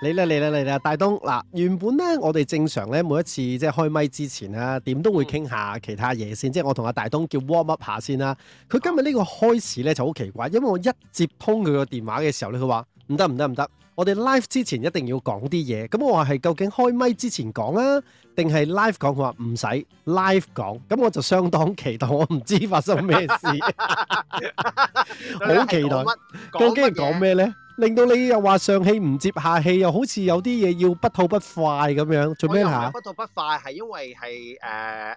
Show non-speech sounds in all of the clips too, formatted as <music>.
嚟啦，嚟啦，嚟啦，大東嗱、啊，原本咧，我哋正常咧，每一次即係開咪之前啊，點都會傾下其他嘢先。即係我同阿大東叫 warm up 下先啦、啊。佢今日呢個開始咧就好奇怪，因為我一接通佢個電話嘅時候咧，佢話唔得，唔得，唔得，我哋 live 之前一定要講啲嘢。咁我話係究竟開咪之前講啊？定係 live 講，佢話唔使 live 講，咁我就相當期待。我唔知發生咩事，好 <laughs> <laughs> 期待。究竟係講咩咧？令到你又話上氣唔接下氣，又好似有啲嘢要不吐不快咁樣，做咩嚇？不吐不快係因為係誒誒誒誒，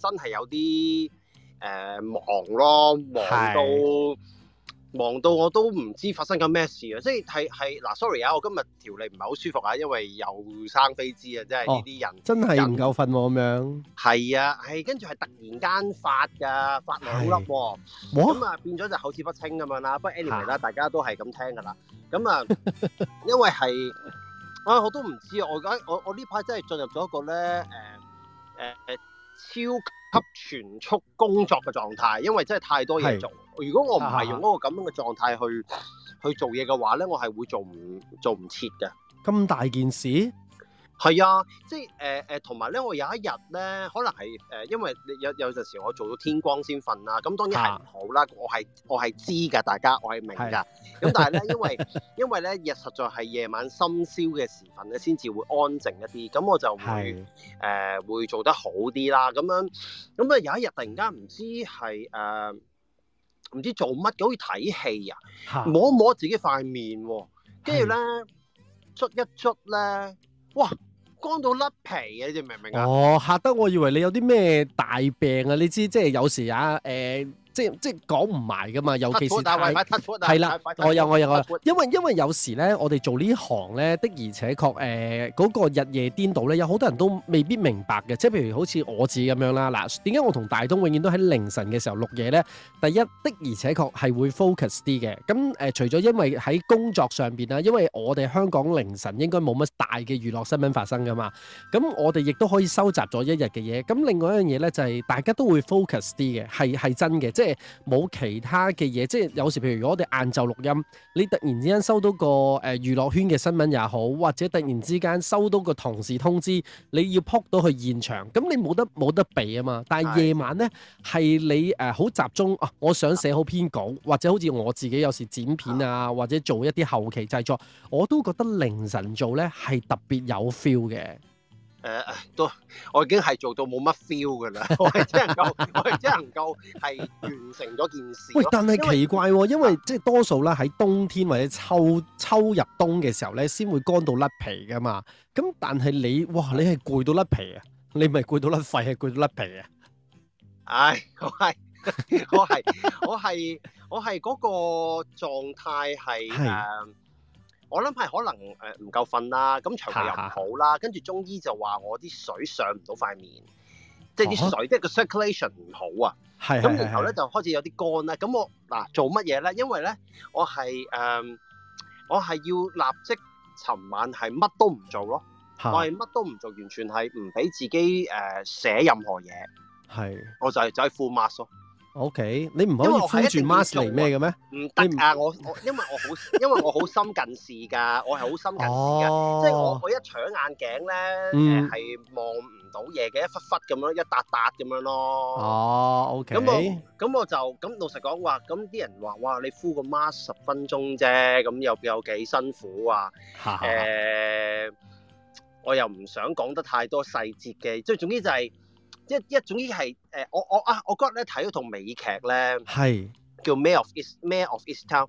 真係有啲誒、呃、忙咯，忙到。忙到我都唔知發生緊咩事啊！即係係嗱，sorry 啊，我今日條脷唔係好舒服啊，因為又生痱滋啊，即係呢啲人真係唔夠瞓喎咁樣。係啊，係、啊、跟住係突然間發㗎，發兩粒喎，咁啊、嗯、變咗就口齒不清咁樣啦。不過 anyway 啦，啊、大家都係咁聽㗎啦。咁、嗯、啊，因為係啊、哎，我都唔知我而家我我呢排真係進入咗一個咧誒誒超。全速工作嘅狀態，因為真係太多嘢做。是如果我唔係用嗰個咁樣嘅狀態去、啊、去做嘢嘅話咧，我係會做唔做唔切嘅。咁大件事？係啊，即係誒誒，同埋咧，我有一日咧，可能係誒、呃，因為有有陣時我做到天光先瞓啊，咁當然係唔好啦。啊、我係我係知㗎，大家我係明㗎。咁是但係咧，因為因為咧，夜實在係夜晚深宵嘅時分咧，先至會安靜一啲，咁我就會誒是、呃、會做得好啲啦。咁樣咁啊，有一日突然間唔知係誒唔知做乜嘅，好似睇戲啊，是摸摸自己塊面、啊，跟住咧捽一捽咧，哇！哇哇哇哇哇乾到甩皮啊！你知明唔明啊？我、哦、嚇得我以為你有啲咩大病啊！你知即係有時啊誒。欸即即講唔埋噶嘛，尤其是係 <music> 啦，我、哦、有我、啊、有我、啊，有啊、 <music> 因為因為有時咧，我哋做一行呢行咧的而且確誒、呃那個日夜顛倒咧，有好多人都未必明白嘅。即係譬如好似我自己咁樣啦，嗱點解我同大東永遠都喺凌晨嘅時候錄嘢咧？第一的而且確係會 focus 啲嘅。咁誒、呃，除咗因為喺工作上邊啦，因為我哋香港凌晨應該冇乜大嘅娛樂新聞發生噶嘛。咁我哋亦都可以收集咗一日嘅嘢。咁另外一樣嘢咧就係、是、大家都會 focus 啲嘅，係係真嘅，即。即係冇其他嘅嘢，即係有時譬如，如果我哋晏晝錄音，你突然之間收到個誒娛樂圈嘅新聞也好，或者突然之間收到個同事通知你要撲到去現場，咁你冇得冇得畀啊嘛。但係夜晚呢，係你誒好集中啊，我想寫好篇稿，或者好似我自己有時剪片啊，或者做一啲後期製作，我都覺得凌晨做呢係特別有 feel 嘅。誒誒、呃，都我已經係做到冇乜 feel 噶啦，我係只能夠， <laughs> 我係只能夠係完成咗件事。喂，但係奇怪、哦，因為即係為、呃、多數咧喺冬天或者秋秋入冬嘅時候咧，先會乾到甩皮噶嘛。咁但係你哇，你係攰到甩皮啊？你咪攰到甩肺，係攰到甩皮啊？唉、哎，我係，我係，我係，我係嗰個狀態係。我諗係可能誒唔夠瞓啦，咁腸胃又唔好啦，跟住、啊、中醫就話我啲水上唔到塊面，哦、即係啲水即係個 circulation 唔好啊。係咁、啊，然後咧、啊、就開始有啲乾啦。咁我嗱、啊、做乜嘢咧？因為咧我係誒、呃、我係要立即，琴晚係乜都唔做咯，啊、我係乜都唔做，完全係唔俾自己誒寫、呃、任何嘢。係、啊，我就係就係敷 mask 咯。O K，你唔可以敷住 mask 嚟咩嘅咩？唔得啊！我我，因為我好，因為我好深近視噶，我係好深近視噶，即係我我一搶眼鏡咧，係望唔到嘢嘅，一忽忽咁樣，一笪笪咁樣咯。哦，O K。咁我咁我就咁老實講話，咁啲人話哇，你敷個 mask 十分鐘啫，咁又又幾辛苦啊？誒，我又唔想講得太多細節嘅，即係總之就係。一一總之係誒我我啊我覺得咧睇嗰套美劇咧係叫《Mare of East, Mare of Easttown》誒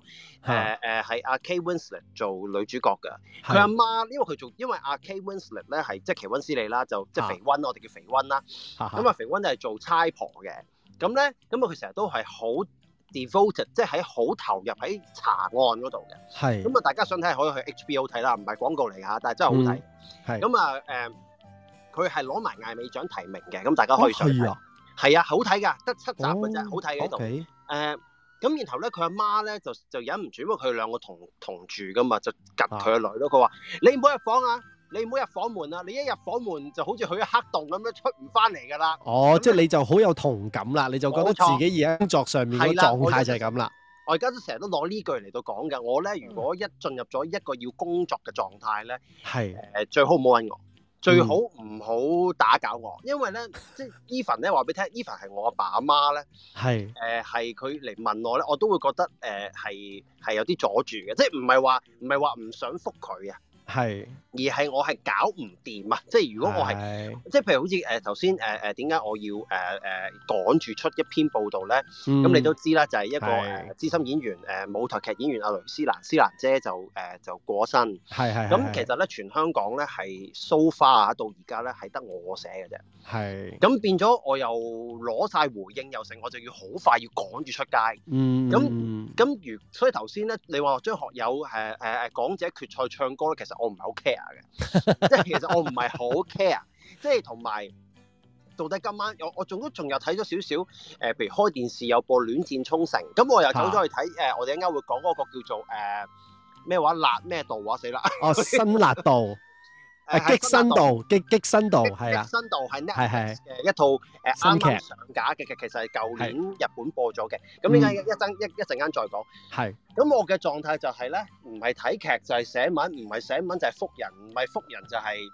誒係阿 K Winslet 做女主角㗎。佢阿媽因為佢做因為阿 K Winslet 咧係即係琦溫斯莉啦，就即係肥温，我哋叫肥温啦。咁啊肥温就係做差婆嘅。咁咧咁啊佢成日都係好 devoted，即係喺好投入喺查案嗰度嘅。咁啊大家想睇可以去 H B O 睇啦，唔係廣告嚟㗎吓，但係真係好睇。咁啊誒。佢係攞埋艾美獎提名嘅，咁大家可以上睇。係、哦、啊，啊，好睇噶，得七集嘅啫，好睇嘅喺度。誒，咁然後咧，佢阿媽咧就就忍唔住，因為佢兩個同同住噶嘛，就及佢阿女咯。佢話、啊，你唔好入房啊，你唔好入房門啊，你一入房門就好似去咗黑洞咁樣出唔翻嚟噶啦。哦，樣即係你就好有同感啦，你就覺得自己而家工作上面嗰個狀態就係咁啦。我而家、就是、都成日都攞呢句嚟到講嘅。我咧如果一進入咗一個要工作嘅狀態咧，誒 <music> 最好唔好揾我。最好唔好打攪我，因為呢， <laughs> 即係 Evan 呢話俾你聽 Evan 係我阿爸阿媽呢，係誒係佢嚟問我呢，我都會覺得誒係係有啲阻住嘅，即係唔係話唔係話唔想覆佢啊。係，而係我係搞唔掂啊！即係如果我係，即係譬如好似誒頭先誒誒點解我要誒誒趕住出一篇報道咧？咁你都知啦，就係一個誒資深演員誒舞台劇演員阿雷思蘭思蘭姐就誒就過身，係係，咁其實咧，全香港咧係 so far 啊，到而家咧係得我寫嘅啫。係，咁變咗我又攞晒回應又剩，我就要好快要趕住出街。嗯。咁咁如所以頭先咧，你話張學友誒誒誒港姐決賽唱歌咧，其實。 <laughs> 我唔係好 care 嘅，即係其實我唔係好 care。即係同埋到底今晚我我仲都仲有睇咗少少誒，譬如開電視有播《戀戰沖繩》，咁我又走咗去睇誒、啊呃，我哋一陣會講嗰個叫做誒咩、呃、話辣咩度話死啦， <laughs> 哦新辣度。 <laughs> 誒激辛道，激激辛道係啊，辛道係係係一套誒啱啱上架嘅劇，其實係舊年日本播咗嘅。咁呢一陣一一陣間再講。係。咁我嘅狀態就係咧，唔係睇劇就係寫文，唔係寫文就係覆人，唔係覆人就係。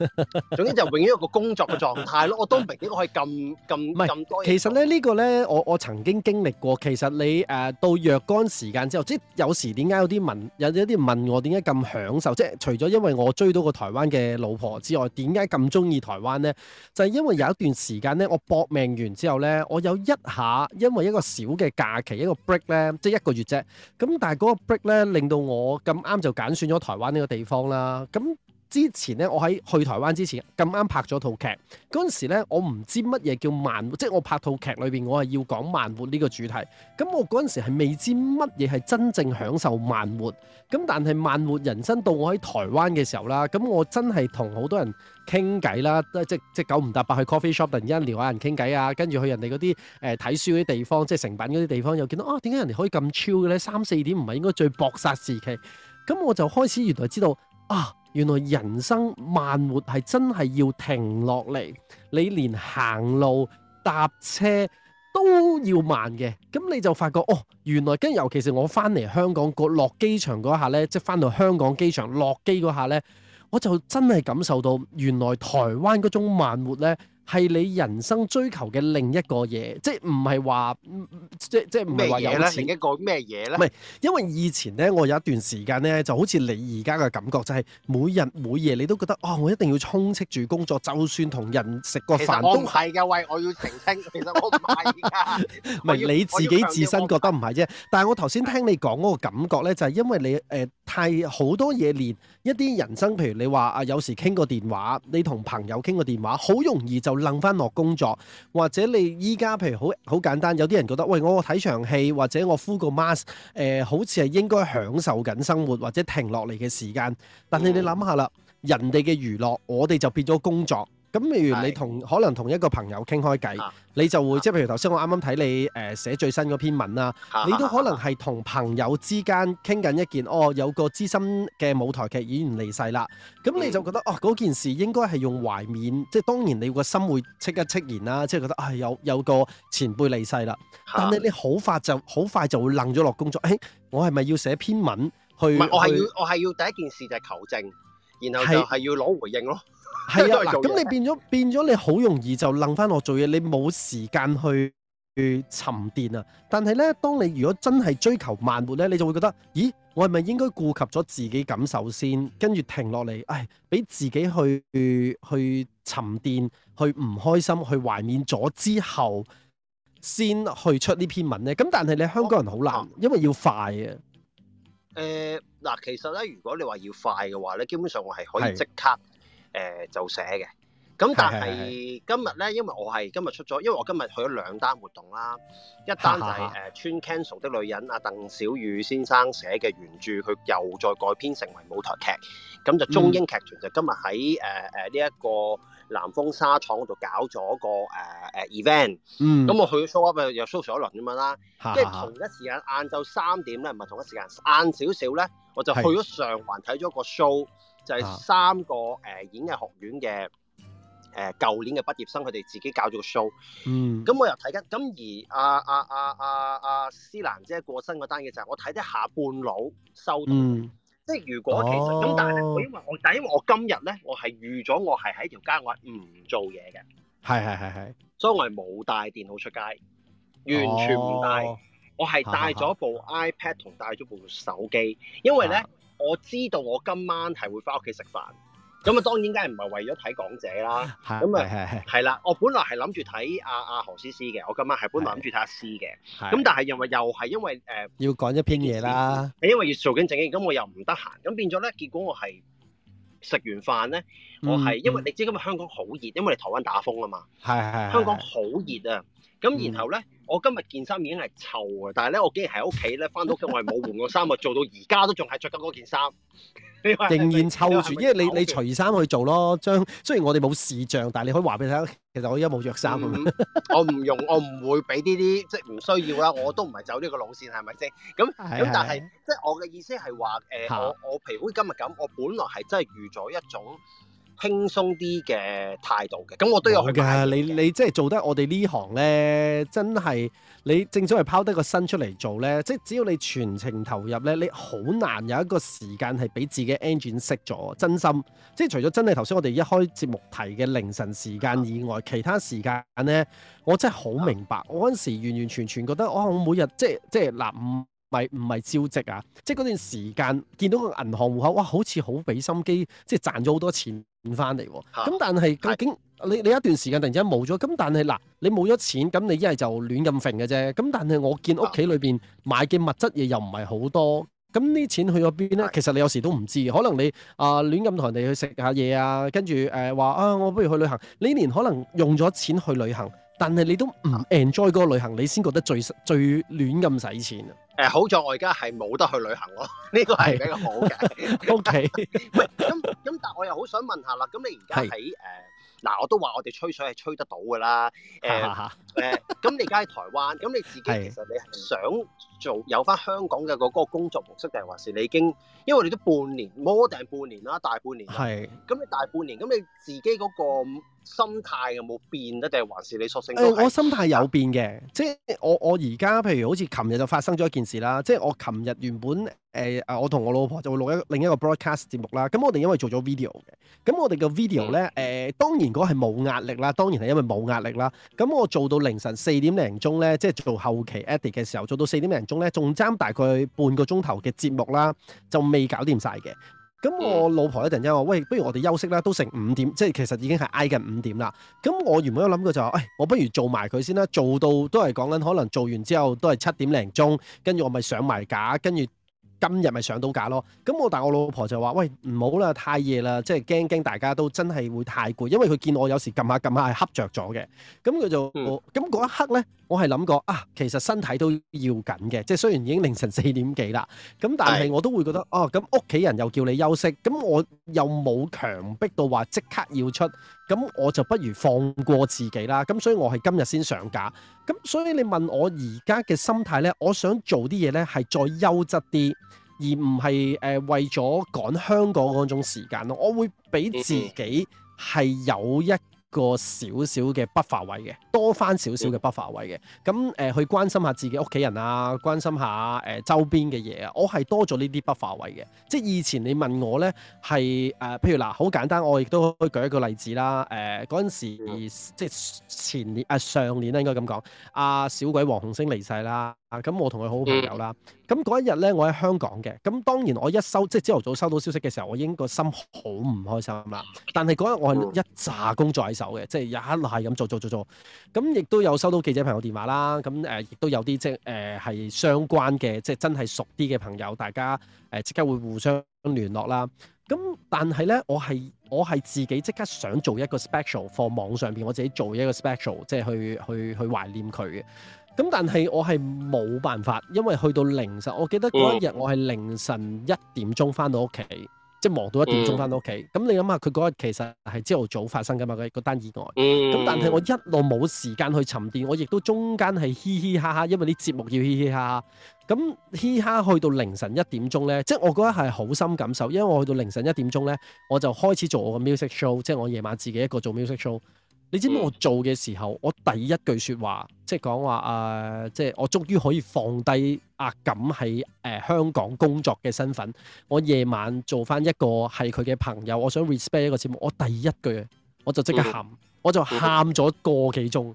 <laughs> 總之就永遠一個工作嘅狀態咯，我都唔明點解可以咁咁咁多。其實咧呢、這個呢，我我曾經經歷過。其實你誒、呃、到若干時間之後，即有時點解有啲問，有啲問我點解咁享受？即係除咗因為我追到個台灣嘅老婆之外，點解咁中意台灣呢？就係、是、因為有一段時間呢，我搏命完之後呢，我有一下因為一個小嘅假期一個 break 呢，即係一個月啫。咁但係嗰個 break 呢，令到我咁啱就揀選咗台灣呢個地方啦。咁之前咧，我喺去台灣之前，咁啱拍咗套劇。嗰陣時咧，我唔知乜嘢叫慢活，即係我拍套劇裏邊，我係要講慢活呢個主題。咁我嗰陣時係未知乜嘢係真正享受慢活。咁但係慢活人生到我喺台灣嘅時候啦，咁我真係同好多人傾偈啦，即係即係九唔搭八去 coffee shop 突然間撩下人傾偈啊，跟住去人哋嗰啲誒睇書嗰啲地方，即係成品嗰啲地方，又見到啊，點解人哋可以咁 chill 嘅咧？三四點唔係應該最搏殺時期？咁我就開始原來知道。啊！原來人生慢活係真係要停落嚟，你連行路搭車都要慢嘅，咁你就發覺哦，原來跟尤其是我翻嚟香港嗰落機場嗰一下呢，即係翻到香港機場落機嗰下呢，我就真係感受到原來台灣嗰種慢活呢，係你人生追求嘅另一個嘢，即係唔係話，即係唔係話有錢一個咩嘢咧？唔係，因為以前咧，我有一段時間咧，就好似你而家嘅感覺，就係每日每夜你都覺得，哇、哦！我一定要充斥住工作，就算同人食個飯都係㗎。喂，我要澄清， <laughs> 其實我唔係㗎。唔係 <laughs> 要你自己自身覺得唔係啫， <laughs> 但係我頭先聽你講嗰個感覺咧，就係因為你誒、呃、太好多嘢練一啲人生，譬如你話啊，有時傾個電話，你同朋友傾個電話，好容易就。諗翻落工作，或者你依家譬如好好簡單，有啲人覺得，喂，我睇場戲，或者我敷個 mask，誒、呃，好似係應該享受緊生活，或者停落嚟嘅時間。但係你諗下啦，嗯、人哋嘅娛樂，我哋就變咗工作。咁譬、嗯、如你同可能同一個朋友傾開偈，的你就會即係譬如頭先我啱啱睇你誒寫最新嗰篇文啦，的你都可能係同朋友之間傾緊一件，的哦有個資深嘅舞台劇演員離世啦，咁的你就覺得哦嗰件事應該係用懷緬，即係當然你個心會戚一戚然啦，即係覺得啊、哎、有有個前輩離世啦，但係你好快就好快就會愣咗落工作，誒、欸，我係咪要寫篇文去？去唔係我係要我係要第一件事就係求證。然後係要攞回應咯，係啊，嗱，咁你變咗變咗，你好容易就楞翻落做嘢，你冇時間去沉澱啊！但係呢，當你如果真係追求慢活呢，你就會覺得，咦，我係咪應該顧及咗自己感受先，跟住停落嚟，唉，俾自己去去沉澱，去唔開心，去懷念咗之後，先去出呢篇文呢。咁但係你香港人好難，哦、因為要快啊。誒，嗱、呃，其實咧，如果你話要快嘅話咧，基本上我係可以即刻誒是、呃、就寫嘅。咁但係今日咧，因為我係今日出咗，因為我今日去咗兩單活動啦，一單就係誒穿 Kenzo 的女人，阿鄧小宇先生寫嘅原著，佢又再改編成為舞台劇，咁、嗯、就、嗯、中英劇團就今日喺誒誒呢一個南豐紗廠嗰度搞咗個誒誒、呃、event，咁我、嗯嗯、去咗 show up 又 show 咗一輪咁樣啦，即係哈同一時間晏晝三點咧，唔係同一時間晏少少咧，我就去咗上環睇咗個 show，是就係三個誒、呃、演藝學院嘅。誒舊年嘅畢業生，佢哋自己搞咗個 show。嗯。咁我又睇緊，咁而阿阿阿阿阿思蘭姐、就是，即係過身嗰單嘢就係我睇啲下半腦收。到。嗯、即係如果其實咁，哦、但係咧，因為我但係因為我今日咧，我係預咗我係喺條街，我係唔做嘢嘅。係係係係。所以我係冇帶電腦出街，完全唔帶。哦、我係帶咗部 iPad 同、啊啊、帶咗部手機，因為咧、啊、我知道我今晚係會翻屋企食飯。咁啊，當然梗係唔係為咗睇港姐啦，咁啊係啦，我本來係諗住睇阿阿何詩詩嘅，我今晚係本來諗住睇阿詩嘅，咁但係又咪又係因為誒、呃、要講一篇嘢啦，因為要做緊正經，咁我又唔得閒，咁變咗咧，結果我係食完飯咧，我係、嗯、因為你知今日香港好熱，因為你台灣打風啊嘛，係係係，香港好熱啊！咁、嗯、然後咧，我今日件衫已經係臭嘅，但係咧，我竟然喺屋企咧返到屋企，我係冇換過衫，做到而家都仲係着緊嗰件衫，仍然臭住。因為，是是臭因為你你除衫去做咯，將雖然我哋冇視像，但係你可以話俾你聽，其實我依家冇着衫。我唔用，我唔會俾呢啲即係唔需要啦。我都唔係走呢個路線，係咪先？咁咁但係即係我嘅意思係話，誒、呃、我我皮膚今日咁，我本來係真係預咗一種。輕鬆啲嘅態度嘅，咁我都有去㗎。你你即係做得我哋呢行呢，真係你正所謂拋低個身出嚟做呢。即係只要你全程投入呢，你好難有一個時間係俾自己 engine 熄咗。真心即係除咗真係頭先我哋一開節目提嘅凌晨時間以外，嗯、其他時間呢，我真係好明白。嗯、我嗰陣時完完全全覺得，哇！我每日即係即係嗱，唔係唔係朝夕啊，即係嗰段時間見到個銀行戶口，哇！好似好俾心機，即係賺咗好多錢。翻嚟，咁但係究竟你的你一段時間突然之間冇咗，咁但係嗱，你冇咗錢，咁你一係就亂咁揈嘅啫，咁但係我見屋企裏邊買嘅物質嘢又唔係好多，咁呢錢去咗邊咧？其實你有時都唔知，可能你啊亂咁同人哋去食下嘢啊，跟住誒話啊，我不如去旅行，呢年可能用咗錢去旅行。但係你都唔 enjoy 嗰個旅行，你先覺得最最亂咁使錢啊！誒、呃，好在我而家係冇得去旅行咯，呢、這個係比較好嘅。O K， <laughs> <laughs> <laughs> 喂，咁咁，但係我又好想問下啦，咁你而家喺誒嗱，我都話我哋吹水係吹得到㗎啦，誒、呃、誒，咁、 <laughs> 呃、你而家喺台灣，咁 <laughs> 你自己其實你係想？做有返香港嘅嗰個工作模式，定係話是你已經，因為我哋都半年摸定半年啦，大半年。係是。咁你大半年，咁你自己嗰個心態有冇變咧？定係還是你索性、呃？我心態有變嘅，即係我我而家譬如好似琴日就發生咗一件事啦，即係我琴日原本誒啊、呃，我同我老婆就會錄一另一個 broadcast 節目啦。咁我哋因為做咗 video 嘅，咁我哋嘅 video 咧誒、呃，當然嗰個係冇壓力啦，當然係因為冇壓力啦。咁我做到凌晨四點零鐘咧，即係做後期 edit 嘅時候，做到四點零。仲咧爭大概半個鐘頭嘅節目啦，就未搞掂晒嘅。咁我老婆一陣間話，喂，不如我哋休息啦，都成五點，即係其實已經係挨近五點啦。咁我原本有諗過就話，喂、哎，我不如做埋佢先啦，做到都係講緊可能做完之後都係七點零鐘，跟住我咪上埋假，跟住今日咪上到假咯。咁我但係我老婆就話，喂，唔好啦，太夜啦，即係驚驚大家都真係會太攰，因為佢見我有時撳下撳下係瞌着咗嘅。咁佢就咁嗰一刻咧。我係諗過啊，其實身體都要緊嘅，即係雖然已經凌晨四點幾啦，咁但係我都會覺得哦，咁屋企人又叫你休息，咁我又冇強迫到話即刻要出，咁我就不如放過自己啦。咁所以我係今日先上架。咁所以你問我而家嘅心態呢？我想做啲嘢呢係再優質啲，而唔係誒為咗趕香港嗰種時間，我會俾自己係有一個少少嘅 buffer 位嘅，多翻少少嘅 buffer 位嘅，咁誒、呃、去關心下自己屋企人啊，關心下誒、呃、周邊嘅嘢啊，我係多咗呢啲 buffer 位嘅，即係以前你問我咧係誒，譬如嗱，好簡單，我亦都可以舉一個例子啦，誒嗰陣時、嗯、即係前年誒、呃、上年啦，應該咁講，阿、啊、小鬼黃鴻升離世啦。啊，咁我同佢好好朋友啦。咁嗰一日咧，我喺香港嘅。咁當然我一收，即係朝頭早收到消息嘅時候，我已經個心好唔開心啦。但係嗰日我係一紮工作喺手嘅，即係一路係咁做做做做。咁亦都有收到記者朋友電話啦。咁誒，亦、呃、都有啲即係誒、呃、相關嘅，即係真係熟啲嘅朋友，大家誒、呃、即刻會互相聯絡啦。咁但係咧，我係我係自己即刻想做一個 special 放網上邊，我自己做一個 special，即係去去去，去懷念佢嘅。咁但係我係冇辦法，因為去到凌晨，我記得嗰一日我係凌晨一點鐘翻到屋企，嗯、即係忙到一點鐘翻到屋企。咁、嗯、你諗下，佢嗰日其實係朝頭早發生噶嘛，佢嗰單意外。咁、嗯、但係我一路冇時間去沉澱，我亦都中間係嘻嘻哈哈，因為啲節目要嘻嘻哈哈。咁嘻嘻哈去到凌晨一點鐘咧，即係我覺得係好深感受，因為我去到凌晨一點鐘咧，我就開始做我個 music show，即係我夜晚自己一個做 music show。你知唔知我做嘅時候，我第一句説話，即係講話誒，即係我終於可以放低阿感喺誒香港工作嘅身份，我夜晚做翻一個係佢嘅朋友，我想 respect 一個節目，我第一句我就即刻喊，我就喊咗、嗯、個幾鐘，咁、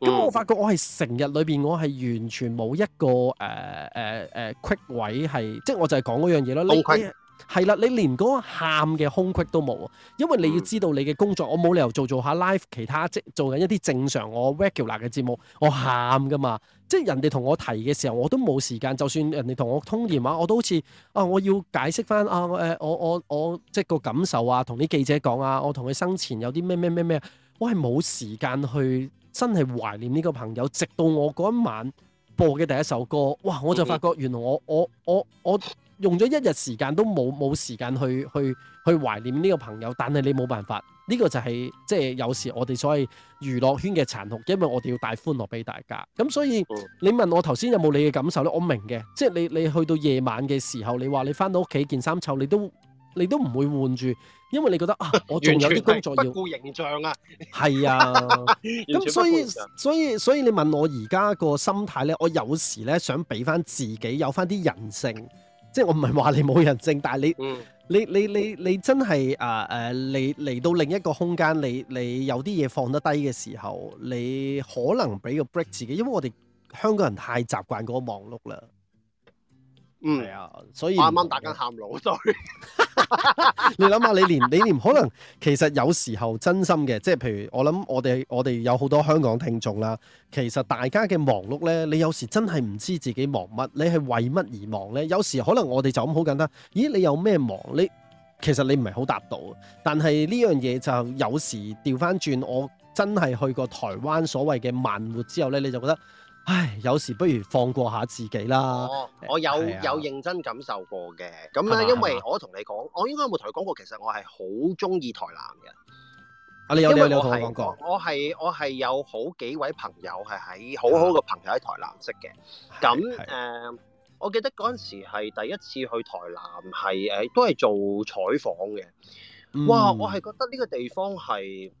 嗯、我發覺我係成日裏邊我係完全冇一個誒誒誒 quick 位係，即係我就係講嗰樣嘢咯。係啦，你連嗰個喊嘅空隙都冇啊！因為你要知道，你嘅工作我冇理由做做下 live 其他即做緊一啲正常我 regular 嘅節目，我喊㗎嘛！即係人哋同我提嘅時候，我都冇時間。就算人哋同我通電話，我都好似啊，我要解釋返啊，誒，我我我即個感受啊，同啲記者講啊，我同佢生前有啲咩咩咩咩，我係冇時間去真係懷念呢個朋友。直到我嗰一晚播嘅第一首歌，哇！我就發覺，原來我我我我。我我我用咗一日時間都冇冇時間去去去懷念呢個朋友，但係你冇辦法，呢個就係即係有時我哋所謂娛樂圈嘅殘酷，因為我哋要帶歡樂俾大家。咁所以你問我頭先有冇你嘅感受呢？我明嘅，即係你你去到夜晚嘅時候，你話你翻到屋企件衫臭，你都你都唔會換住，因為你覺得啊，我仲有啲工作要顧形象啊。係啊，咁所以所以所以，所以你問我而家個心態呢，我有時呢想俾翻自己有翻啲人性。即係我唔係話你冇人性，但係你、嗯、你你你你，你真係啊誒，你嚟到另一個空間，你你有啲嘢放得低嘅時候，你可能俾個 break 自己，因為我哋香港人太習慣嗰個忙碌啦。嗯，啊，所以啱啱大家喊老衰。 <laughs> <laughs> 你諗下，你連你連可能其實有時候真心嘅，即係譬如我諗，我哋我哋有好多香港聽眾啦。其實大家嘅忙碌咧，你有時真係唔知自己忙乜，你係為乜而忙咧？有時可能我哋就咁好簡單，咦？你有咩忙？你其實你唔係好答到。但係呢樣嘢就有時調翻轉，我真係去過台灣所謂嘅慢活之後咧，你就覺得。唉，有時不如放過下自己啦，哦。我有、啊、有認真感受過嘅，咁咧，吧因為我同你講，我應該有冇同你講過？其實我係好中意台南嘅。啊，你有我你有你有冇同我講過？我係我係有好幾位朋友係喺好好嘅朋友喺台南識嘅。咁誒是、呃，我記得嗰陣時係第一次去台南，係誒都係做採訪嘅。嗯、哇，我係覺得呢個地方係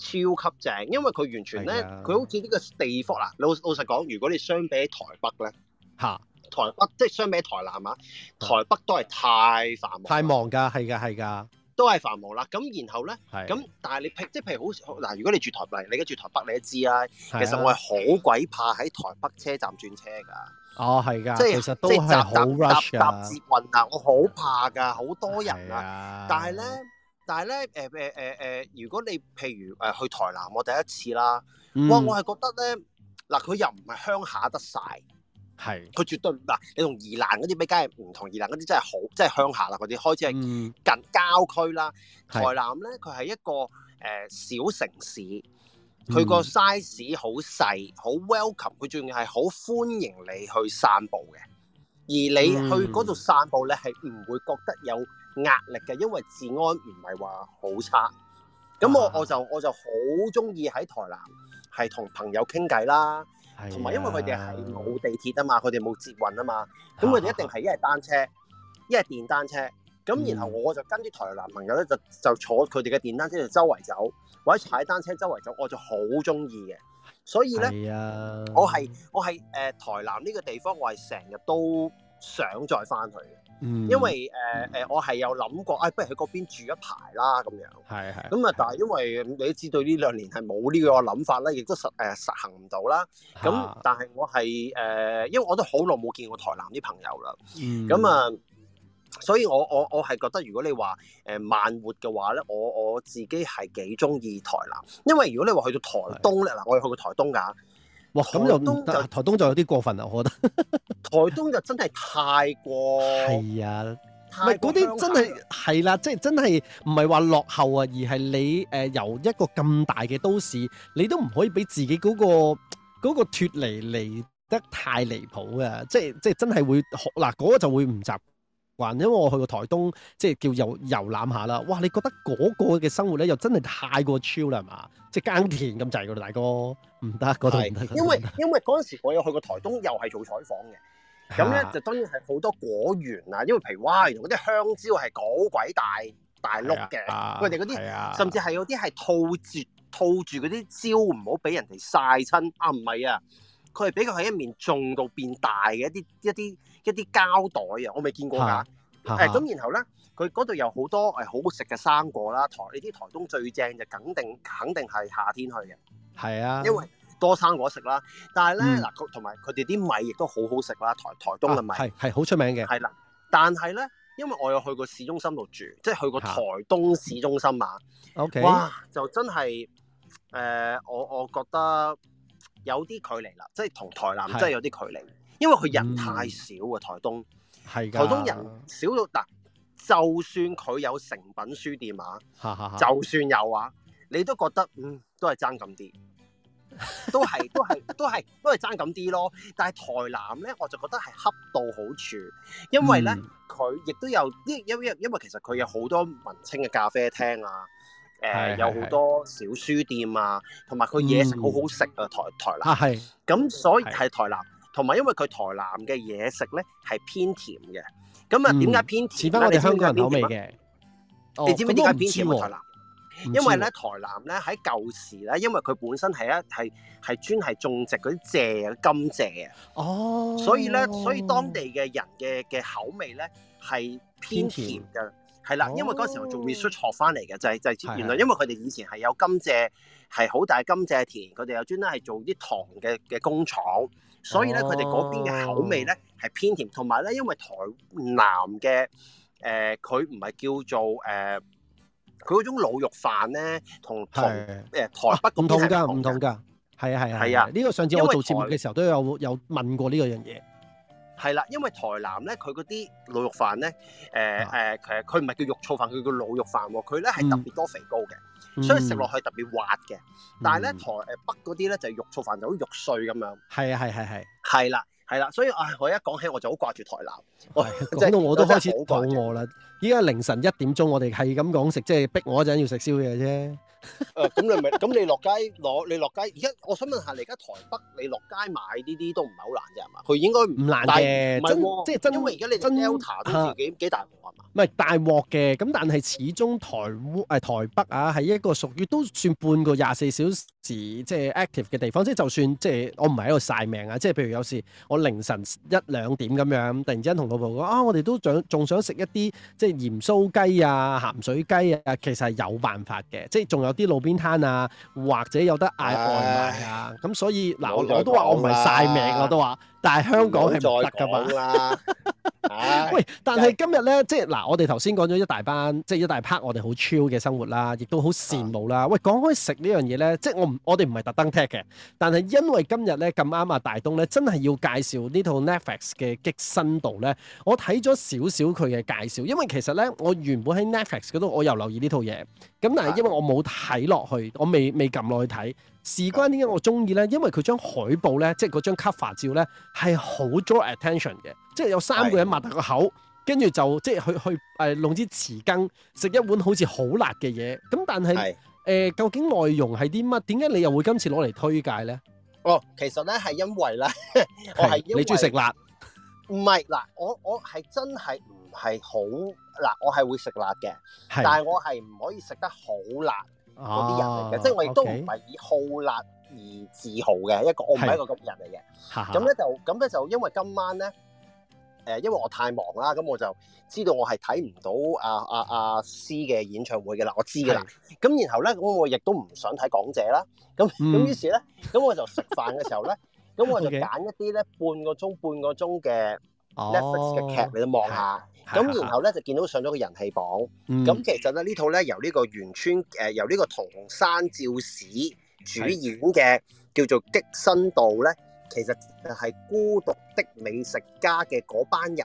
超級正，因為佢完全咧，佢的好似呢個地方啦。老老實講，如果你相比台北咧，吓哈，台北即係相比台南啊，台北都係太繁忙，太忙㗎，係㗎，係㗎，都係繁忙啦。咁然後咧，咁的但係你譬即係譬如好嗱，如果你住台北，你而家住台北，你都知啊。其實我係好鬼怕喺台北車站轉車㗎。哦，係㗎，即係其實都係好 rush 搭搭捷運啊，我好怕㗎，好多人啊。的的但係咧。但係咧，誒誒誒誒，如果你譬如誒、呃、去台南，我第一次啦，嗯、哇，我係覺得咧，嗱佢又唔係鄉下得晒，係是，佢絕對嗱，你同宜蘭嗰啲比較係唔同，宜蘭嗰啲真係好，即係鄉下啦嗰啲，開始係近郊區啦。嗯、台南咧，佢係一個誒、呃、小城市，佢個 size 好細，好 welcome，佢仲要係好歡迎你去散步嘅，而你去嗰度散步咧係唔會覺得有壓力嘅，因為治安唔係話好差。咁我我就、啊、我就好中意，喺台南係同朋友傾偈啦，同埋、啊、因為佢哋係冇地鐵啊嘛，佢哋冇捷運啊嘛，咁佢哋一定係一係單車，一係電單車。咁然後我就跟啲台南朋友咧，就、嗯、就坐佢哋嘅電單車就周圍走，或者踩單車周圍走，我就好中意嘅。所以咧、啊，我係我係誒台南呢個地方，我係成日都想再翻去。嗯、因為誒誒、呃，我係有諗過，哎，不如去嗰邊住一排啦，咁樣。係係。咁啊，但係因為你都知道呢兩年係冇呢個諗法啦，亦都實誒、呃、實行唔到啦。咁，但係我係誒、呃，因為我都好耐冇見過台南啲朋友啦。咁啊、嗯嗯，所以我我我係覺得，如果你話誒慢活嘅話咧，我我自己係幾中意台南，因為如果你話去到台東咧嗱，是的 我要去過台東㗎。哇！咁又唔得，台東就有啲過分啦，我覺得。 <laughs> 台東就真係太過。係啊，唔係嗰啲真係係啦，即係、啊就是、真係唔係話落後啊，而係你誒、呃、由一個咁大嘅都市，你都唔可以俾自己嗰、嗰個嗰脫、嗰個、離嚟得太離譜噶、啊，即係即係真係會嗱嗰、嗰個就會唔習慣。因為我去過台東，即係叫遊遊覽下啦。哇！你覺得嗰個嘅生活咧，又真係太過 chill 啦，係嘛？即係耕田咁滯嗰度，大哥唔得嗰度唔得，對因為 <laughs> 因為嗰陣時我有去過台東，又係做採訪嘅。咁咧、啊、就當然係好多果園啊，因為譬如，哇，原來嗰啲香蕉係嗰鬼大大碌嘅。佢哋嗰啲甚至係有啲係套住套住嗰啲蕉，唔好俾人哋晒親。啊唔係啊，佢係俾佢喺一面種到變大嘅一啲一啲。一一啲膠袋啊，我未見過㗎。誒咁、哎，然後咧，佢嗰度有好多誒好好食嘅生果啦，台呢啲台東最正就肯定肯定係夏天去嘅。係啊，因為多生果食啦。但係咧嗱，同埋佢哋啲米亦都好好食啦，台台東嘅米係係好出名嘅。係啦，但係咧，因為我有去過市中心度住，即係去過台東市中心啊。啊哇，就真係誒、呃，我我覺得有啲距離啦，即係同台南真係有啲距離。的因為佢人太少啊，台東係的台東人少到嗱，就算佢有誠品書店啊， <laughs> 就算有啊，你都覺得嗯都係爭咁啲，都係都係都係都係爭咁啲咯。但係台南呢，我就覺得係恰到好處，因為呢，佢亦、嗯、都有因因因為其實佢有好多文青嘅咖啡廳啊，誒、呃、是的 有好多小書店啊，同埋佢嘢食好好食啊，台台南啊係咁，所以係台南。嗯啊同埋，因為佢台南嘅嘢食咧係偏甜嘅，咁啊點解偏甜？似翻我哋香港人口味嘅。你知唔知點解偏甜？因為咧台南咧喺舊時咧，因為佢本身係一係係專係種植嗰啲蔗啊、甘蔗啊。哦。所以咧，所以當地嘅人嘅嘅口味咧係偏甜嘅。係甜啦，哦、因為嗰時候做 research 學翻嚟嘅就係、是、就係、是、知原來因為佢哋以前係有甘蔗，係好大甘蔗田，佢哋又專登係做啲糖嘅嘅工廠。所以咧，佢哋嗰邊嘅口味咧係偏甜，同埋咧，因為台南嘅誒，佢唔係叫做誒，佢嗰種魯肉飯咧，同台誒台北咁唔同㗎，唔同㗎，係啊係啊係啊！呢個上次我做節目嘅時候都有有問過呢個樣嘢，係啦，因為台南咧佢嗰啲魯肉飯咧，誒誒其實佢唔係叫肉燥飯，佢叫魯肉飯喎，佢咧係特別多肥膏嘅。所以食落去特別滑嘅，但係咧台誒北嗰啲咧就係肉燥飯就好肉碎咁樣。係啊，係係係，係啦，係啦，所以唉，我一講起我就好掛住台南，喂，整到我都開始好肚餓啦。依家凌晨一點鐘，我哋係咁講食，即係逼我一陣要食宵夜啫。誒，咁你咪，咁你落街攞，你落街而家，我想問下，你而家台北你落街買呢啲都唔係好難啫，係嘛？佢應該唔難嘅，唔係，即係真，因為而家你 Delta 都幾幾大鑊，係嘛？唔係大鑊嘅，咁但係始終台誒台北啊，係一個屬於都算半個廿四小時即係 active 嘅地方，即係就算即係我唔係喺度晒命啊，即係譬如有時我凌晨一兩點咁樣，突然之間同老婆講啊，我哋都想仲想食一啲即係鹽酥雞啊、鹹水雞啊，其實係有辦法嘅，即係仲。有啲路邊攤啊，或者有得嗌外賣啊，咁唉、嗯、所以嗱，我都話我唔係晒命，我都話，但係香港係唔得㗎嘛。 <laughs> 喂，但係今日咧，即係嗱，我哋頭先講咗一大班，即係一大 part，我哋好 chill 嘅生活啦，亦都好羨慕啦。啊、喂，講開食呢樣嘢咧，即係我唔，我哋唔係特登踢嘅，但係因為今日咧咁啱啊，大東咧真係要介紹呢套 Netflix 嘅激辛道咧，我睇咗少少佢嘅介紹，因為其實咧我原本喺 Netflix 嗰度，我又留意呢套嘢，咁但係因為我冇睇落去，我未未撳落去睇。事關點解我中意咧？因為佢張海報咧，即係嗰張 cover 照咧，係好 draw attention 嘅。即係有三個人擘大個口，跟住的就即係去去誒、呃、弄支匙羹，食一碗好似好辣嘅嘢。咁但係誒的、呃，究竟內容係啲乜？點解你又會今次攞嚟推介咧？哦，其實咧係因為咧， <laughs> 我係因為你中意食辣？唔係嗱，的是我我係真係唔係好嗱，我係會食辣嘅，但係我係唔可以食得好辣。啲人嚟嘅，即係我亦都唔係以好辣而自豪嘅的一個，我唔係一個咁人嚟嘅。咁咧就，咁咧就因為今晚咧，誒、呃，因為我太忙啦，咁我就知道我係睇唔到阿阿阿 C 嘅演唱會嘅啦，我知㗎啦。咁的然後咧，咁我亦都唔想睇港姐啦。咁咁、嗯、於是咧，咁我就食飯嘅時候咧，咁 <laughs> 我就揀一啲咧半個鐘半個鐘嘅 Netflix 嘅劇你都望下。咁然後咧就見到上咗個人氣榜，咁、嗯、其實咧呢套咧由呢個圓村，誒、呃、由呢個桐山照史主演嘅是叫做《激辛道》咧，其實就係《孤獨的美食家》嘅嗰班人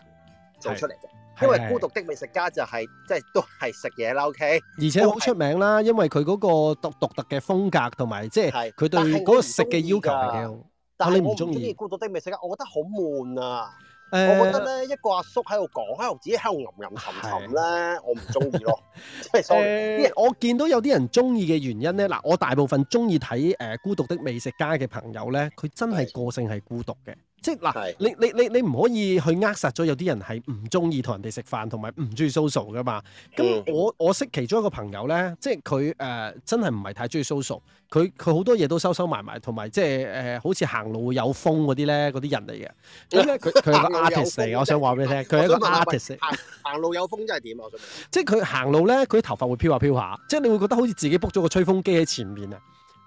做出嚟嘅。因為《孤獨的美食家、就是》就係即係都係食嘢啦。O K。而且好出名啦，是因為佢嗰個獨獨特嘅風格同埋即係佢對嗰個食嘅要求係幾好。但係我唔中意《孤獨的美食家》，我覺得好悶啊。 <noise> 我覺得咧，一個阿叔喺度講，喺度自己喺度吟吟沉沉咧，的我唔中意咯。即係所以我見到有啲人中意嘅原因咧，嗱，我大部分中意睇《誒孤獨的美食家》嘅朋友咧，佢真係個性係孤獨嘅。即係嗱是，你你你你唔可以去扼殺咗有啲人係唔中意同人哋食飯，同埋唔中意 social 噶嘛？咁、嗯、我我識其中一個朋友咧，即係佢誒真係唔係太中意 social，佢佢好多嘢都收收埋埋，同埋即係誒、呃、好似行路會有風嗰啲咧，嗰啲人嚟嘅。佢佢係個 artist 嚟， <laughs> 我想話俾你聽，佢係一個 artist <laughs> 行路有風真係點啊？ <laughs> 即係佢行路咧，佢啲頭髮會飄下飄下，飄下，即係你會覺得好似自己 book 咗個吹風機喺前面啊！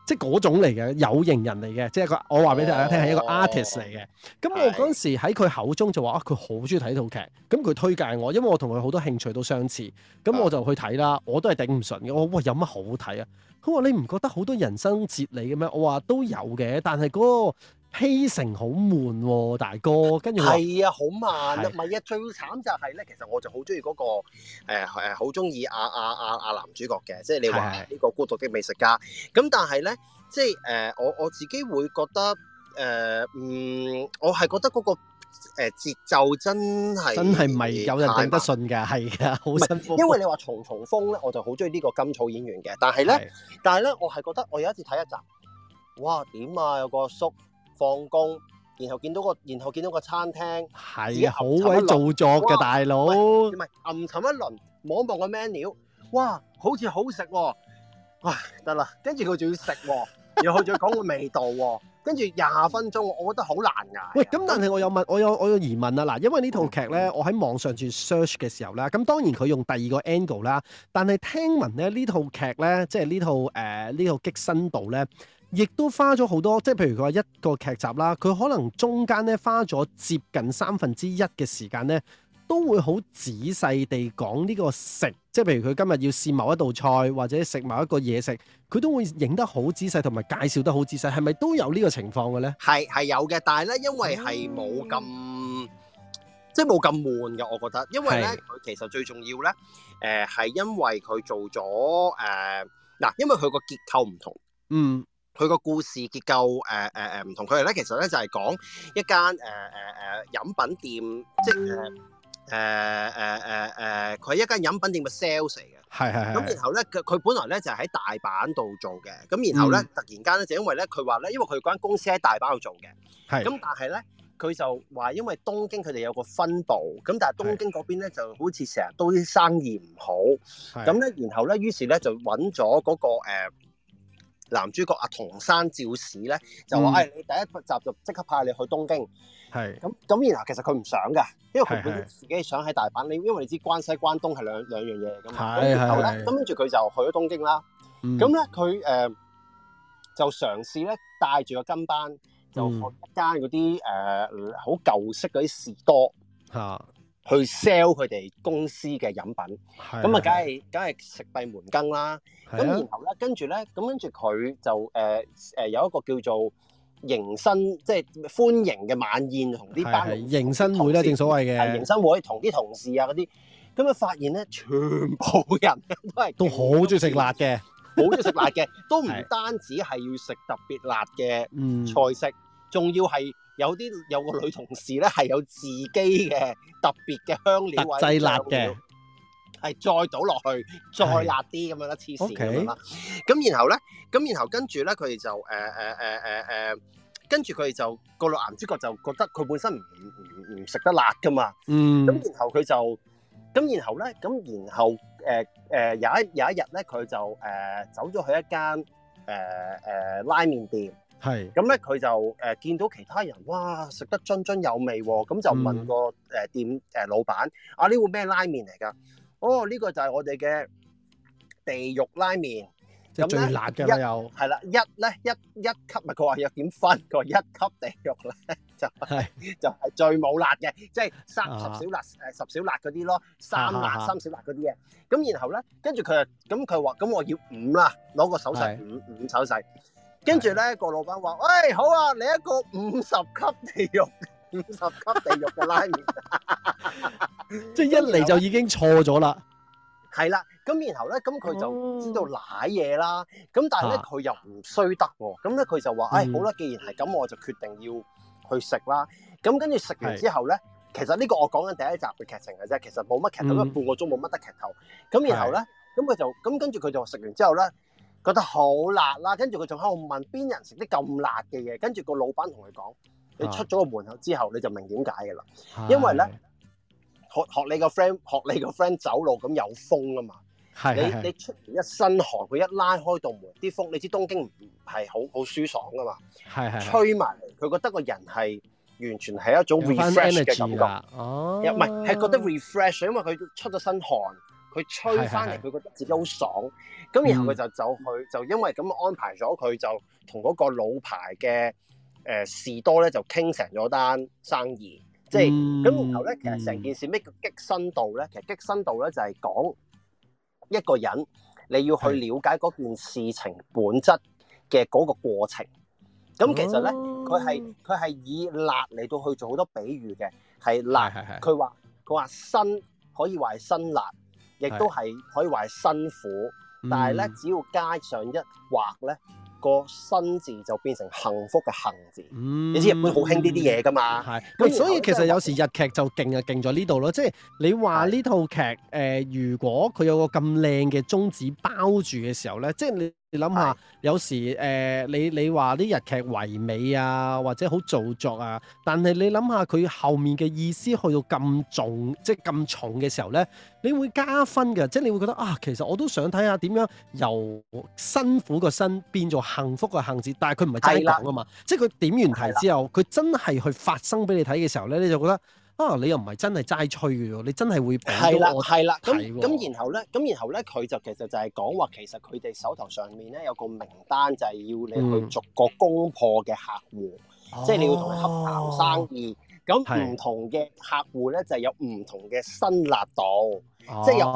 即係嗰種嚟嘅有型人嚟嘅，即係一個我話俾大家聽係、哦、一個 artist 嚟嘅。咁我嗰陣時喺佢口中就話啊，佢好中意睇套劇。咁佢推介我，因為我同佢好多興趣都相似。咁我就去睇啦，我都係頂唔順嘅。我話有乜好睇啊？佢話你唔覺得好多人生哲理嘅咩？我話都有嘅，但係嗰、嗰個。披城好悶喎、啊，大哥，跟住係啊，好慢啊，唔係啊，最慘就係咧，其實我就好中意嗰個誒好中意阿阿阿阿男主角嘅，即係你話呢個孤獨的美食家。咁但係咧，即係誒、呃，我我自己會覺得誒、呃，嗯，我係覺得嗰個誒節奏真係真係唔係有人頂得順㗎慢，係啊，好辛苦。因為你話松重豐咧，我就好中意呢個甘草演員嘅，但係咧，啊、但係咧，我係覺得我有一次睇一集，哇點啊，有個叔叔。放工，然後見到個，然後見到個餐廳，係啊的，好鬼造作嘅大佬，唔暗沉一輪，望一望個 menu，哇，好似好食喎、哦，唉，得啦，跟住佢仲要食喎，然後再講個味道喎、哦，跟住廿分鐘，我覺得好難噶、啊。喂，咁但係我有問，我有我有疑問啊嗱，因為劇呢套劇咧，我喺網上邊 search 嘅時候咧，咁當然佢用第二個 angle 啦，但係聽聞咧呢套劇咧，即係、呃、呢套誒呢套激辛道咧。亦都花咗好多，即係譬如佢話一個劇集啦，佢可能中間咧花咗接近三分之一嘅時間咧，都會好仔細地講呢個食，即係譬如佢今日要試某一道菜或者食某一個嘢食，佢都會影得好仔細同埋介紹得好仔細，係咪都有呢個情況嘅咧？係，係有嘅，但係咧因為係冇咁，嗯、即係冇咁悶嘅，我覺得，因為咧佢的其實最重要咧，誒、呃、係因為佢做咗誒嗱，因為佢個結構唔同，嗯。佢個故事結構誒誒誒唔同佢哋咧，其實咧就係講一間誒誒誒飲品店，即係誒誒誒誒誒，佢係一間飲品店嘅 sales 嚟嘅。係係係。咁然後咧，佢佢本來咧就喺大阪度做嘅。咁然後咧，突然間咧就因為咧，佢話咧，因為佢間公司喺大阪度做嘅。係。咁但係咧，佢就話因為東京佢哋有個分部，咁但係東京嗰邊咧就好似成日都生意唔好。係。咁咧，然後咧，於是咧就揾咗嗰個誒。男主角阿唐山趙史咧就話，嗯哎，你第一集就即刻派你去東京，係咁咁。然後其實佢唔想嘅，因為佢自己想喺大阪。你是因為你知關西關東係兩兩樣嘢咁是然後咧，咁跟住佢就去咗東京啦。咁咧佢誒就嘗試咧帶住個跟班，就開一間嗰啲誒好舊式嗰啲士多。嚇的！去 sell 佢哋公司嘅飲品，咁啊，梗係梗係食閉門羹啦。咁然後咧，跟住咧，咁跟住佢就誒誒有一個叫做迎新，即係歡迎嘅晚宴，同啲班迎新會咧，正所謂嘅迎新會，同啲同事啊嗰啲，咁啊發現咧，全部人都係都好中意食辣嘅，好中意食辣嘅，都唔單止係要食特別辣嘅菜式，仲要係。有啲有個女同事咧，係有自己嘅特別嘅香料製辣嘅，係再倒落去，再辣啲咁樣啦，黐線咁啦。咁然後咧，咁然後跟住咧，佢哋就誒誒誒誒誒，跟住佢哋就個男主角就覺得佢本身唔唔唔食得辣㗎嘛。嗯。咁然後佢就咁，然後咧，咁然後誒誒有一有一日咧，佢就誒走咗去一間誒誒拉麵店。係咁咧，佢就誒見到其他人，哇，食得津津有味喎，咁就問個誒店誒老闆，啊，呢碗咩拉麵嚟㗎？哦，呢個就係我哋嘅地獄拉麵，咁咧，最辣嘅，係啦，一咧一一級，咪佢話又點分？佢話一級地獄咧就係就係最冇辣嘅，即係三十小辣誒十小辣嗰啲咯，三辣三小辣嗰啲嘅。咁然後咧，跟住佢啊，咁佢話咁我要五啦，攞個手勢五五手勢。跟住咧，個是的 老闆話，喂，好啊，你一個五十級地獄、五十 <laughs> 級地獄嘅拉麪，哈哈哈哈 <laughs> 即係一嚟就已經錯咗啦、 <laughs> 嗯。係啦，咁然後咧，咁佢就知道瀨嘢啦。咁但係咧，佢又唔衰得喎。咁咧，佢就話，唉，好啦、啊，既然係咁，我就決定要去食啦。咁跟住食完之後咧，其實呢個我講緊第一集嘅劇情嘅啫。其實冇乜劇頭，咁樣、嗯、半個鐘冇乜得劇頭。咁然後咧，咁佢就咁跟住佢就食完之後咧。覺得好辣啦、啊，跟住佢仲喺度問邊人食啲咁辣嘅嘢，跟住個老闆同佢講：啊、你出咗個門口之後，你就明點解嘅啦，啊、因為咧學學你個 friend 學你個 friend 走路咁有風啊嘛，係係係，你你出完一身汗，佢一拉開道門，啲風你知東京唔係好好舒爽噶嘛，係係吹埋嚟，佢覺得個人係完全係一種 refresh 嘅感覺，哦，唔係係覺得 refresh，因為佢出咗身汗。佢吹翻嚟，佢覺得自己好爽。咁是然後佢就走去就因為咁安排咗，佢就同嗰個老牌嘅誒士多咧就傾成咗單生意。即係咁，嗯、然後咧其實成件事咩叫激辛道咧？其實激辛道咧就係、是、講一個人你要去了解嗰件事情本質嘅嗰個過程。咁是是 其實咧佢係佢係以辣嚟到去做好多比喻嘅，係辣。佢話佢話辛可以話係辛辣。亦都係可以話係辛苦，但係咧、嗯、只要加上一畫咧，呢個辛字就變成幸福嘅幸字。嗯、你知日本好興呢啲嘢㗎嘛？係，所以其實有時日劇就勁啊勁咗呢度咯，即、就、係、是、你話呢套劇誒、呃，如果佢有個咁靚嘅宗旨包住嘅時候咧，即、就、係、是、你。你諗下，的有時誒、呃，你你話啲日劇唯美啊，或者好做作啊，但係你諗下佢後面嘅意思去到咁重，即係咁重嘅時候咧，你會加分嘅，即係你會覺得啊，其實我都想睇下點樣由辛苦個辛變做幸福嘅幸字，但係佢唔係齋講啊嘛，的即係佢點完題之後，佢真係去發生俾你睇嘅時候咧，你就覺得。啊！你又唔係真係齋吹嘅，你真係會俾到我睇喎。咁咁，然後咧，咁然後咧，佢就其實就係講話，其實佢哋手頭上面咧有個名單，就係要你去逐個攻破嘅客戶，嗯、即係你要同佢洽談生意。咁唔、啊、同嘅客戶咧，就有唔同嘅辛辣度，的即係有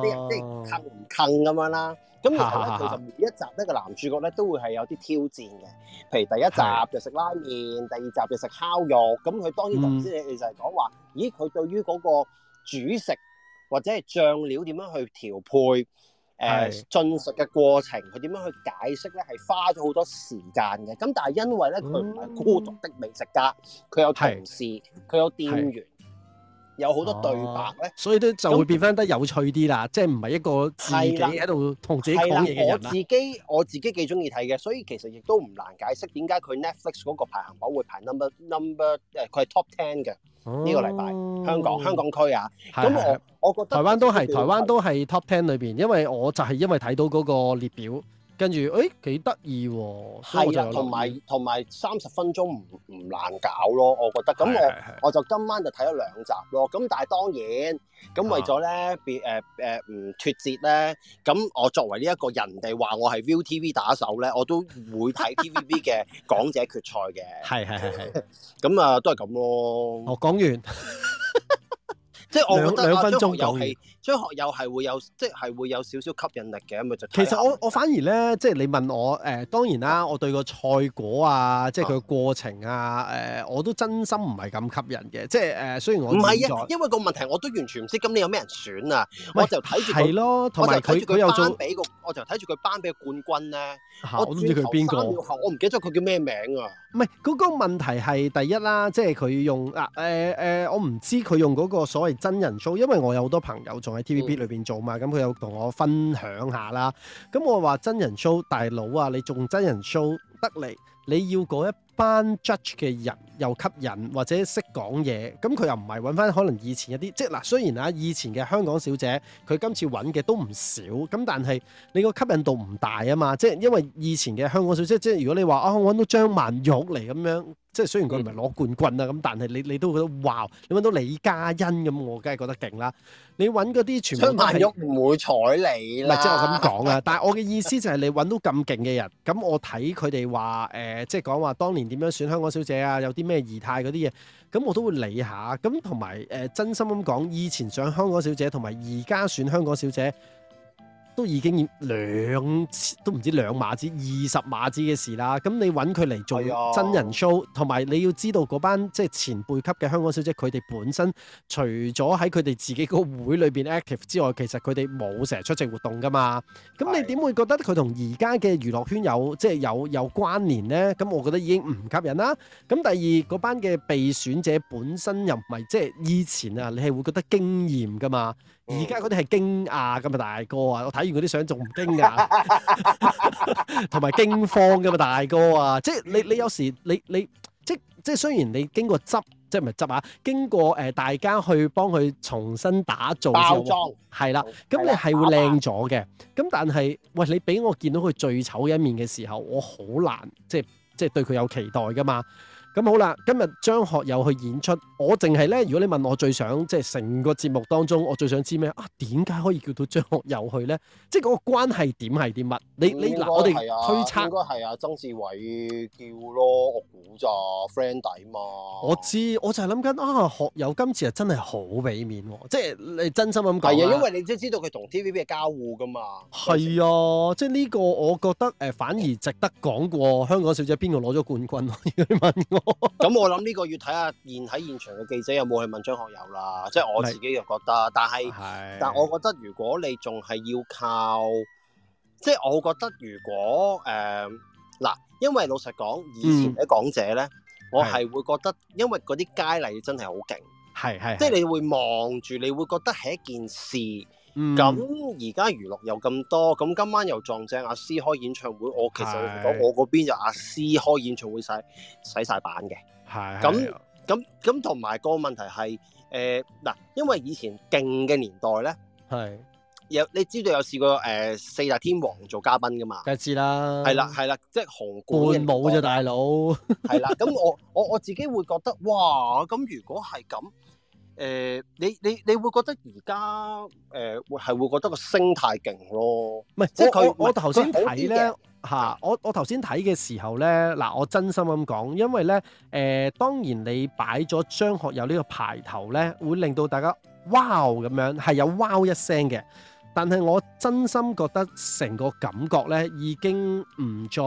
啲即係坑唔坑咁樣啦。啊咁然後咧，其實每一集咧個男主角呢都會係有啲挑戰嘅，譬如第一集就食拉麵，的第二集就食烤肉。咁佢當然頭先你你就係講話，咦佢、嗯、對於嗰個煮食或者係醬料點樣去調配，誒、呃、的進食嘅過程佢點樣去解釋呢？係花咗好多時間嘅。咁但係因為呢，佢唔係孤獨的美食家，佢有同事，佢的有店員。有好多對白咧、啊，所以都就會變翻得有趣啲啦，那即係唔係一個自己喺度同自己講嘢嘅人，我自己我自己幾中意睇嘅，所以其實亦都唔難解釋點解佢 Netflix 嗰個排行榜會排 number, number number 誒，佢係 top ten 㗎。呢個禮拜香港香港區啊。咁的我的我覺得台灣都係台灣都係 top ten 裏邊，因為我就係因為睇到嗰個列表。跟住，誒幾得意喎，係啊，同埋同埋三十分鐘唔唔難搞咯，我覺得。咁我的我就今晚就睇咗兩集咯。咁但係當然，咁為咗咧別誒誒唔脱節咧，咁我作為呢一個人哋話我係 ViuTV 打手咧，我都會睇 TVB 嘅港姐決賽嘅。係係係係。咁啊、 <laughs> 呃，都係咁咯。我講說完。 <laughs> 即係我覺得兩分鐘啊張學友，張學友係會有即係會有少少吸引力嘅咁就。其實我我反而咧，即係你問我誒、呃，當然啦，我對個賽果啊，即係佢個過程啊，誒、啊呃，我都真心唔係咁吸引嘅，即係誒、呃。雖然我唔係啊，因為個問題我都完全唔識，今年有咩人選啊？是我就睇住佢，係咯，同埋佢佢又做，俾個，我就睇住佢頒俾個冠軍咧、啊。我都唔知佢邊個。我唔記得咗佢叫咩名啊。唔係，嗰、那個問題係第一啦，即係佢用啊誒誒、呃呃，我唔知佢用嗰個所謂真人 show，因為我有好多朋友仲喺 TVB 裏邊做嘛，咁佢、嗯、有同我分享下啦。咁我話真人 show，大佬啊，你仲真人 show 得嚟？你要嗰一班 judge 嘅人。又吸引或者識講嘢，咁佢又唔係揾翻可能以前一啲，即係嗱，雖然啊，以前嘅香港小姐佢今次揾嘅都唔少，咁但係你個吸引度唔大啊嘛，即係因為以前嘅香港小姐，即係如果你話啊我揾到張曼玉嚟咁樣，即係雖然佢唔係攞冠軍啊，咁、嗯、但係你你都覺得哇，你揾到李嘉欣咁，我梗係覺得勁啦。你揾嗰啲全部張曼玉唔會睬你啦。即係、就是、我咁講啊，但係我嘅意思就係你揾到咁勁嘅人，咁 <laughs> 我睇佢哋話誒，即係講話當年點樣選香港小姐啊，有啲。咩儀態嗰啲嘢，咁我都會理下。咁同埋誒，真心咁講，以前上香港小姐同埋而家選香港小姐。都已經兩都唔知兩碼子、二十碼子嘅事啦，咁你揾佢嚟做真人 show，同埋、哎、呀你要知道嗰班即係、就是、前輩級嘅香港小姐，佢哋本身除咗喺佢哋自己個會裏邊 active 之外，其實佢哋冇成日出席活動噶嘛。咁你點會覺得佢同而家嘅娛樂圈有即係、就是、有有關聯呢？咁我覺得已經唔吸引啦。咁第二嗰班嘅被選者本身又唔係即係以前啊，你係會覺得驚豔噶嘛？而家嗰啲係驚訝㗎嘛，大哥啊！我睇完嗰啲相仲唔驚訝，同埋 <laughs> <laughs> 驚慌㗎嘛，大哥啊！即係你你有時你你即即雖然你經過執即係唔係執啊，經過誒大家去幫佢重新打造包裝係啦，咁你係會靚咗嘅。咁但係喂，你俾我見到佢最醜一面嘅時候，我好難即即對佢有期待㗎嘛？咁好啦，今日張學友去演出，我淨係咧。如果你問我最想，即係成個節目當中，我最想知咩啊？點解可以叫到張學友去咧？即係嗰個關係點係啲乜？你你嗱，我哋推測應該係啊，曾志偉叫咯，我估咋 friend 底嘛。我知，我就係諗緊啊，學友今次係真係好俾面喎，即係你真心咁講，啊。係啊，因為你即係知道佢同 T V B 交互噶嘛。係啊，即係呢個我覺得誒反而值得講過香港小姐邊個攞咗冠軍。如果你問我。咁 <laughs> 我諗呢個要睇下現喺現場嘅記者有冇去問張學友啦，即係我自己又覺得，但係但我覺得如果你仲係要靠，即係我覺得如果誒嗱、呃，因為老實講，以前嘅港姐呢，嗯、我係會覺得，因為嗰啲佳麗真係好勁，係係，即係你會望住，你會覺得係一件事。咁而家娛樂又咁多，咁今晚又撞正阿斯開演唱會，我其實講我嗰的邊就阿斯開演唱會晒洗晒版嘅，係咁咁咁同埋個問題係誒嗱，因為以前勁嘅年代咧，係的有你知道有試過誒、呃、四大天王做嘉賓㗎嘛，梗係知啦，係啦係啦，即係、就是、紅館換舞啫大佬哥，係 <laughs> 啦，咁我我我自己會覺得哇，咁如果係咁。誒、呃，你你你會覺得而家誒，係、呃、會覺得個聲太勁咯？唔係，即係佢我頭先睇咧嚇，我我頭先睇嘅時候咧，嗱，我真心咁講，因為咧誒、呃，當然你擺咗張學友呢個牌頭咧，會令到大家 w、wow、咁樣係有 w、wow、一聲嘅。但係我真心覺得成個感覺咧已經唔再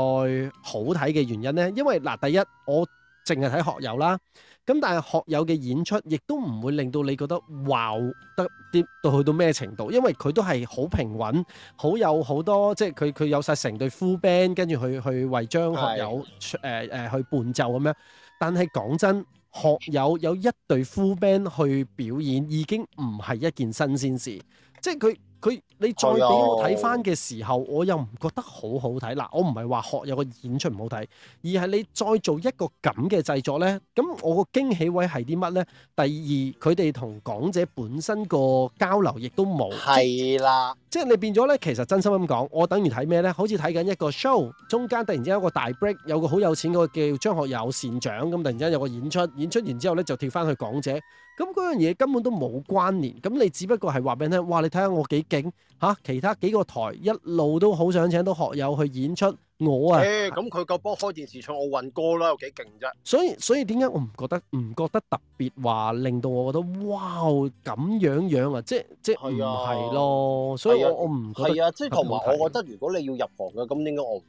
好睇嘅原因咧，因為嗱，第一我淨係睇學友啦。咁但係學友嘅演出，亦都唔會令到你覺得哇得啲到去到咩程度，因為佢都係好平穩，好有好多即係佢佢有晒成隊 full band 跟住去去，去為張學友誒誒的、呃、去伴奏咁樣。但係講真，學友有一隊 full band 去表演已經唔係一件新鮮事，即係佢。佢你再俾我睇翻嘅時候，我又唔覺得好好睇。嗱，我唔係話學有個演出唔好睇，而係你再做一個咁嘅製作呢。咁我個驚喜位係啲乜呢？第二，佢哋同港姐本身個交流亦都冇。係啦，即係你變咗呢，其實真心咁講，我等於睇咩呢？好似睇緊一個 show，中間突然之間有個大 break，有個好有錢嗰個叫張學友善長咁，突然之間有個演出，演出完之後呢，就跳翻去港姐，咁嗰樣嘢根本都冇關聯。咁你只不過係話俾你聽，哇！你睇下我幾～吓，其他幾個台一路都好想請到學友去演出，我啊，咁佢夠波開電視唱奧運歌啦，有幾勁啫。所以所以點解我唔覺得唔覺得特別話令到我覺得哇咁樣樣啊？即即唔係咯。所以我我唔係啊，即同埋我覺得如果你要入行嘅，咁點解我唔？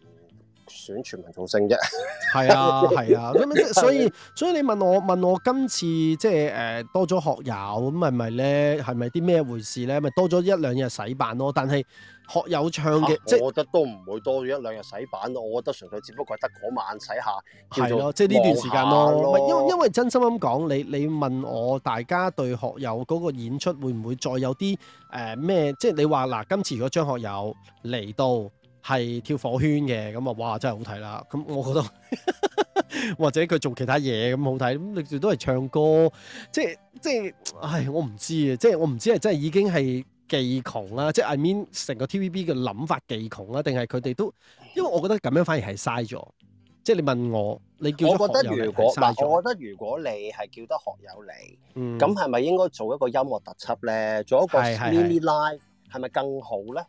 選全民造星啫，係啊係啊，咁、啊就是，所以所以你問我問我今次即係誒多咗學友咁係咪咧？係咪啲咩回事咧？咪多咗一兩日洗版咯？但係學友唱嘅，即係、啊、我覺得都唔會多咗一兩日洗版咯。我覺得純粹只不過係得嗰晚洗下，係咯，即係呢段時間咯。係，因為因為真心咁講，你你問我大家對學友嗰個演出會唔會再有啲誒咩？即係你話嗱、呃，今次如果張學友嚟到。係跳火圈嘅，咁啊，哇，真係好睇啦！咁我覺得， <laughs> 或者佢做其他嘢咁好睇，咁你哋都係唱歌，即係即係，唉，我唔知啊！即係我唔知係真係已經係技窮啦，即係 I mean 成個 TVB 嘅諗法技窮啦，定係佢哋都，因為我覺得咁樣反而係嘥咗。即係你問我，你叫得學友嚟，我覺得如果嗱、呃，我覺得如果你係叫得學友嚟，咁係咪應該做一個音樂特輯咧？做一個 mini live 係咪更好咧？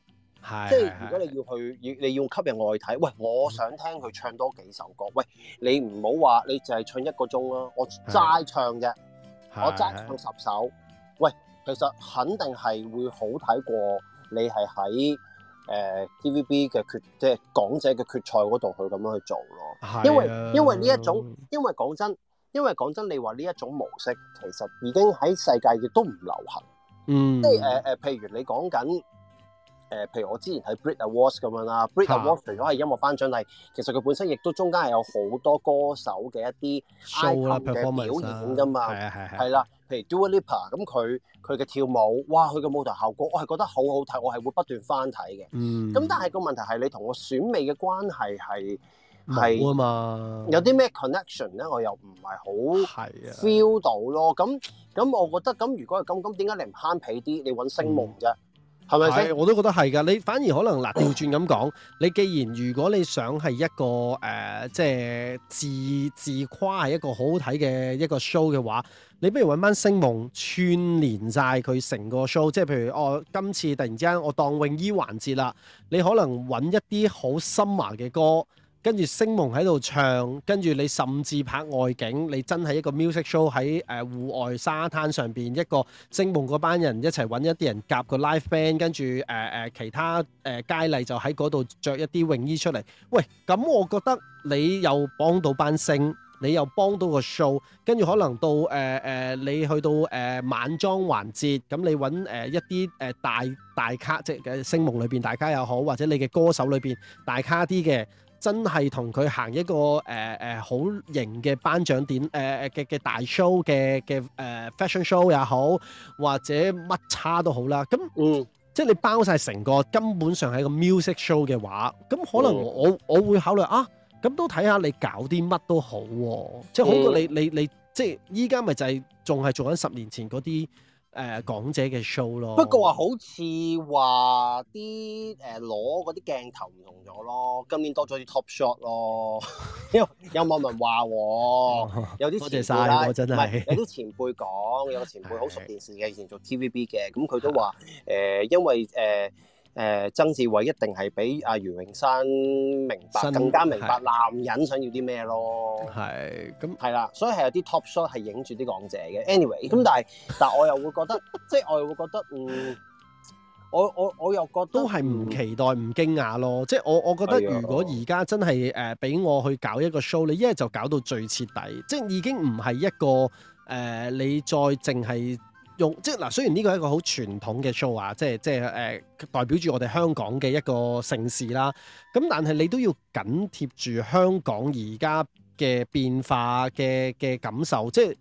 即係如果你要去，要你要吸引我去睇，喂，我想聽佢唱多幾首歌，喂，你唔好話你淨係唱一個鐘啦，我齋唱啫，的我齋唱十首，的喂，其實肯定係會好睇過你係喺誒、呃、TVB 嘅決即係港姐嘅決賽嗰度去咁樣去做咯，因為的因為呢一種因為講真，因為講真，講真，講真，你話呢一種模式其實已經喺世界亦都唔流行，嗯，即係誒誒，譬如你講緊。誒，譬如我之前睇 Brit Awards 咁樣啦，Brit Awards 除咗係音樂頒獎禮，其實佢本身亦都中間係有好多歌手嘅一啲 icon 嘅表演㗎嘛，係啊啦，譬如 Dua Lipa，咁佢佢嘅跳舞，哇，佢嘅舞台效果，我係覺得好好睇，我係會不斷翻睇嘅。嗯。咁但係個問題係，你同我選美嘅關係係係啊嘛，有啲咩 connection 咧？我又唔係好 feel 到咯。咁咁，我覺得咁，如果係咁，咁點解你唔慳皮啲，你揾聲夢啫？係，我都覺得係噶。你反而可能嗱，調轉咁講， <coughs> 你既然如果你想係一個誒、呃，即係自自誇係一個好好睇嘅一個 show 嘅話，你不如揾翻星夢串連晒佢成個 show，即係譬如我、哦、今次突然之間我當泳衣環節啦，你可能揾一啲好 summer 嘅歌。跟住星夢喺度唱，跟住你甚至拍外景，你真係一個 music show 喺誒戶外沙灘上邊一個星夢嗰班人一齊揾一啲人夾個 live band，跟住誒誒其他誒、呃、佳麗就喺嗰度着一啲泳衣出嚟。喂，咁我覺得你又幫到班星，你又幫到個 show，跟住可能到誒誒、呃呃、你去到誒、呃、晚裝環節，咁你揾誒、呃、一啲誒、呃、大大咖即係星夢裏邊大家又好，或者你嘅歌手裏邊大咖啲嘅。真係同佢行一個誒誒好型嘅頒獎典誒誒嘅嘅大 show 嘅嘅誒 fashion show 也好，或者乜叉都好啦。咁，嗯，即係你包晒成個根本上係個 music show 嘅話，咁可能我、哦、我，我會考慮啊。咁都睇下你搞啲乜都好喎、啊，即係好過你、嗯、你你，你即係依家咪就係仲係做緊十年前嗰啲。誒、呃、港姐嘅 show 咯，不過話好似話啲誒攞嗰啲鏡頭唔同咗咯，今年多咗啲 top shot 咯， <laughs> 因為有網民話喎，有啲多謝曬真係，有啲前輩講，有個前輩好熟電視嘅，以前做 TVB 嘅，咁佢都話誒、 <laughs> 呃，因為誒。呃誒、呃、曾志偉一定係比阿袁榮山明白新更加明白男人想要啲咩咯，係咁係啦，所以係有啲 top shot 係影住啲港姐嘅，anyway 咁，嗯、但係但係我又會覺得， <laughs> 即係我又會覺得，嗯，我我我又覺得都係唔期待唔驚訝咯，即係我我覺得如果而家真係誒俾我去搞一個 show，你一係就搞到最徹底，即係已經唔係一個誒、呃、你再淨係。用即係嗱，雖然呢個係一個好傳統嘅 show 啊，即係即係誒代表住我哋香港嘅一個城市啦。咁但係你都要緊貼住香港而家嘅變化嘅嘅感受，即係。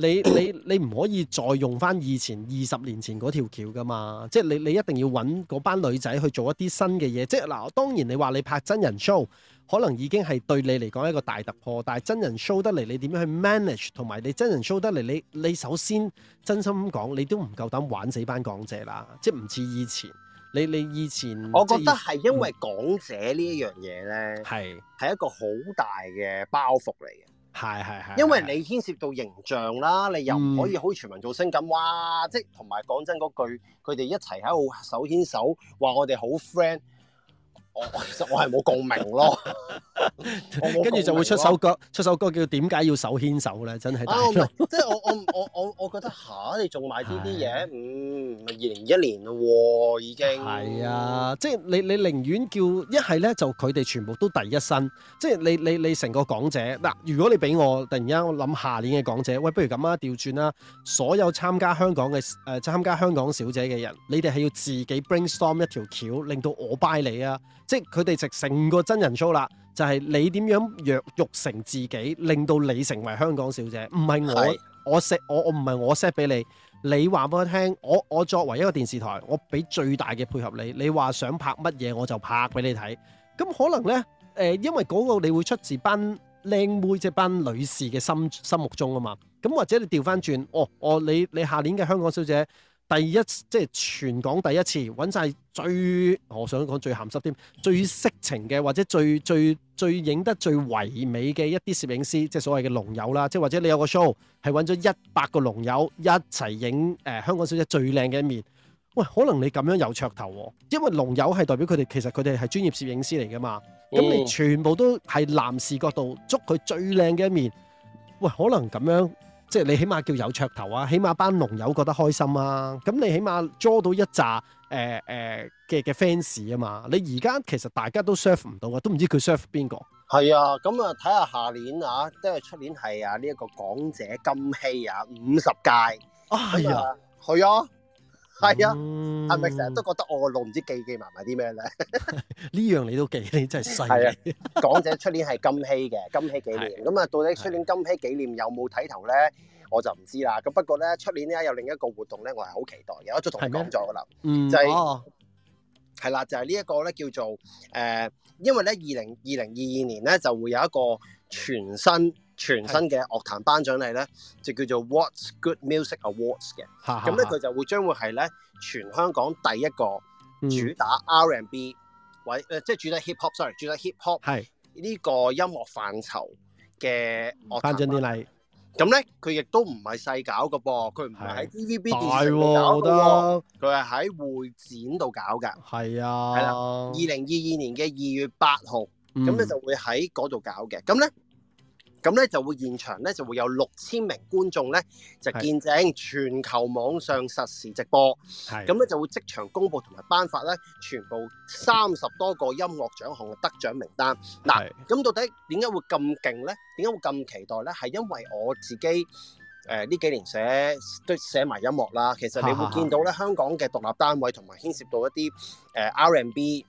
<coughs> 你你你唔可以再用翻以前二十年前嗰條橋㗎嘛？即係你你一定要揾嗰班女仔去做一啲新嘅嘢。即係嗱，當然你話你拍真人 show，可能已經係對你嚟講一個大突破。但係真人 show 得嚟，你點樣去 manage？同埋你真人 show 得嚟，你你首先真心講，你都唔夠膽玩死班港姐啦。即係唔似以前，你你以前我覺得係因為港姐呢一樣嘢咧，係係、嗯、一個好大嘅包袱嚟嘅。係係係，因為你牽涉到形象啦，你又唔可以好似全民造星咁，嗯、哇！即同埋講真嗰句，佢哋一齊喺度手牽手，話我哋好 friend。我其實我係冇共鳴咯，跟住 <laughs> 就會出首歌，出首歌叫點解要手牽手咧？真係、啊，即係我我我我我覺得吓，你做埋呢啲嘢？唉嗯，咪二零一年咯，已經係啊！即係你你寧願叫一係咧，就佢哋全部都第一身，即係你你你成個港姐嗱、啊。如果你俾我突然間，我諗下年嘅港姐，喂，不如咁啊，調轉啦！所有參加香港嘅誒，參、呃、加香港小姐嘅人，你哋係要自己 brainstorm 一條橋，令到我 buy 你啊！即佢哋食成個真人 show 啦，就係、是、你點樣若欲成自己，令到你成為香港小姐，唔係我，是我，我，我，我，我 set 我我唔係我 set 俾你，你話俾我聽，我我作為一個電視台，我俾最大嘅配合你，你話想拍乜嘢我就拍俾你睇。咁可能呢，誒、呃，因為嗰個你會出自班靚妹隻班女士嘅心心目中啊嘛。咁或者你調翻轉，哦，我你你下年嘅香港小姐。第一即係全港第一次揾晒最我想講最鹹濕添、最色情嘅或者最最最影得最唯美嘅一啲攝影師，即係所謂嘅龍友啦，即係或者你有個 show 係揾咗一百個龍友一齊影誒香港小姐最靚嘅一面，喂，可能你咁樣有噱頭喎，因為龍友係代表佢哋，其實佢哋係專業攝影師嚟㗎嘛，咁、嗯、你全部都係男士角度捉佢最靚嘅一面，喂，可能咁樣。即係你起碼叫有噱頭啊，起碼班龍友覺得開心啊，咁你起碼捉到一紮誒誒嘅嘅 fans 啊嘛，你而家其實大家都 serve 唔到啊，都唔知佢 serve 邊個。係啊，咁啊，睇下下年啊，因為出年係啊呢一個港姐金禧啊五十屆啊，係啊，哎、呀去啊！係啊，阿 Mike 成日都覺得我個腦唔知記記埋埋啲咩咧。呢樣你都記，你真係犀利。港姐出年係金禧嘅，金禧紀念。咁啊，到底出年金禧紀念有冇睇頭咧？我就唔知啦。咁不過咧，出年咧有另一個活動咧，我係好期待嘅。我都同你講咗噶啦，就係係啦，就係呢一個咧叫做誒，因為咧二零二零二二年咧就會有一個全新。全新嘅樂壇頒獎禮咧，就叫做 What's Good Music Awards 嘅。咁咧哈，佢就會將會係咧全香港第一個主打 R&B、嗯、或者、呃、即係主打 Hip Hop，sorry，主打 Hip Hop 係呢是個音樂範疇嘅頒獎典禮。咁咧，佢亦都唔係細搞嘅噃，佢唔係喺 TVB 電視的搞嘅，佢係喺會展度搞嘅。係啊的，係啦，二零二二年嘅二月八號，咁咧、嗯、就會喺嗰度搞嘅。咁咧。咁咧，就會現場咧就會有六千名觀眾咧就見證全球網上實時直播，咁咧就會即場公布同埋頒發咧全部三十多個音樂獎項嘅得獎名單。嗱，咁到底點解會咁勁咧？點解會咁期待咧？係因為我自己誒呢幾年寫都寫埋音樂啦，其實你會見到咧香港嘅獨立單位同埋牽涉到一啲誒 R&B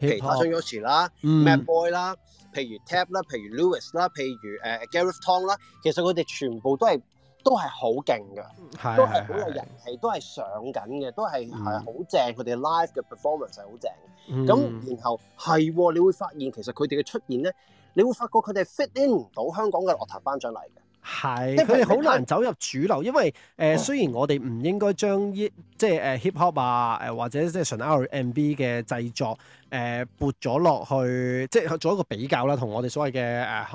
其他 Tyson Yoshi 啦，Mad Boy 啦。譬如 Tap 啦，譬如 Lewis 啦，譬如誒 Gareth Tong 啦，其實佢哋全部都係都係好勁嘅，都係好有人氣，都係上緊嘅，都係係好正。佢哋、嗯、live 嘅 performance 係好正。咁、嗯、然後係、哦，你會發現其實佢哋嘅出現咧，你會發覺佢哋 fit in 唔到香港嘅樂壇頒獎禮嘅，係即係佢哋好難走入主流。因為誒、哦，雖然我哋唔應該將依即係誒 hip hop 啊，誒、哦、或者即係純 R&B 嘅製作。誒撥咗落去，即係做一個比較啦，同我哋所謂嘅誒、呃、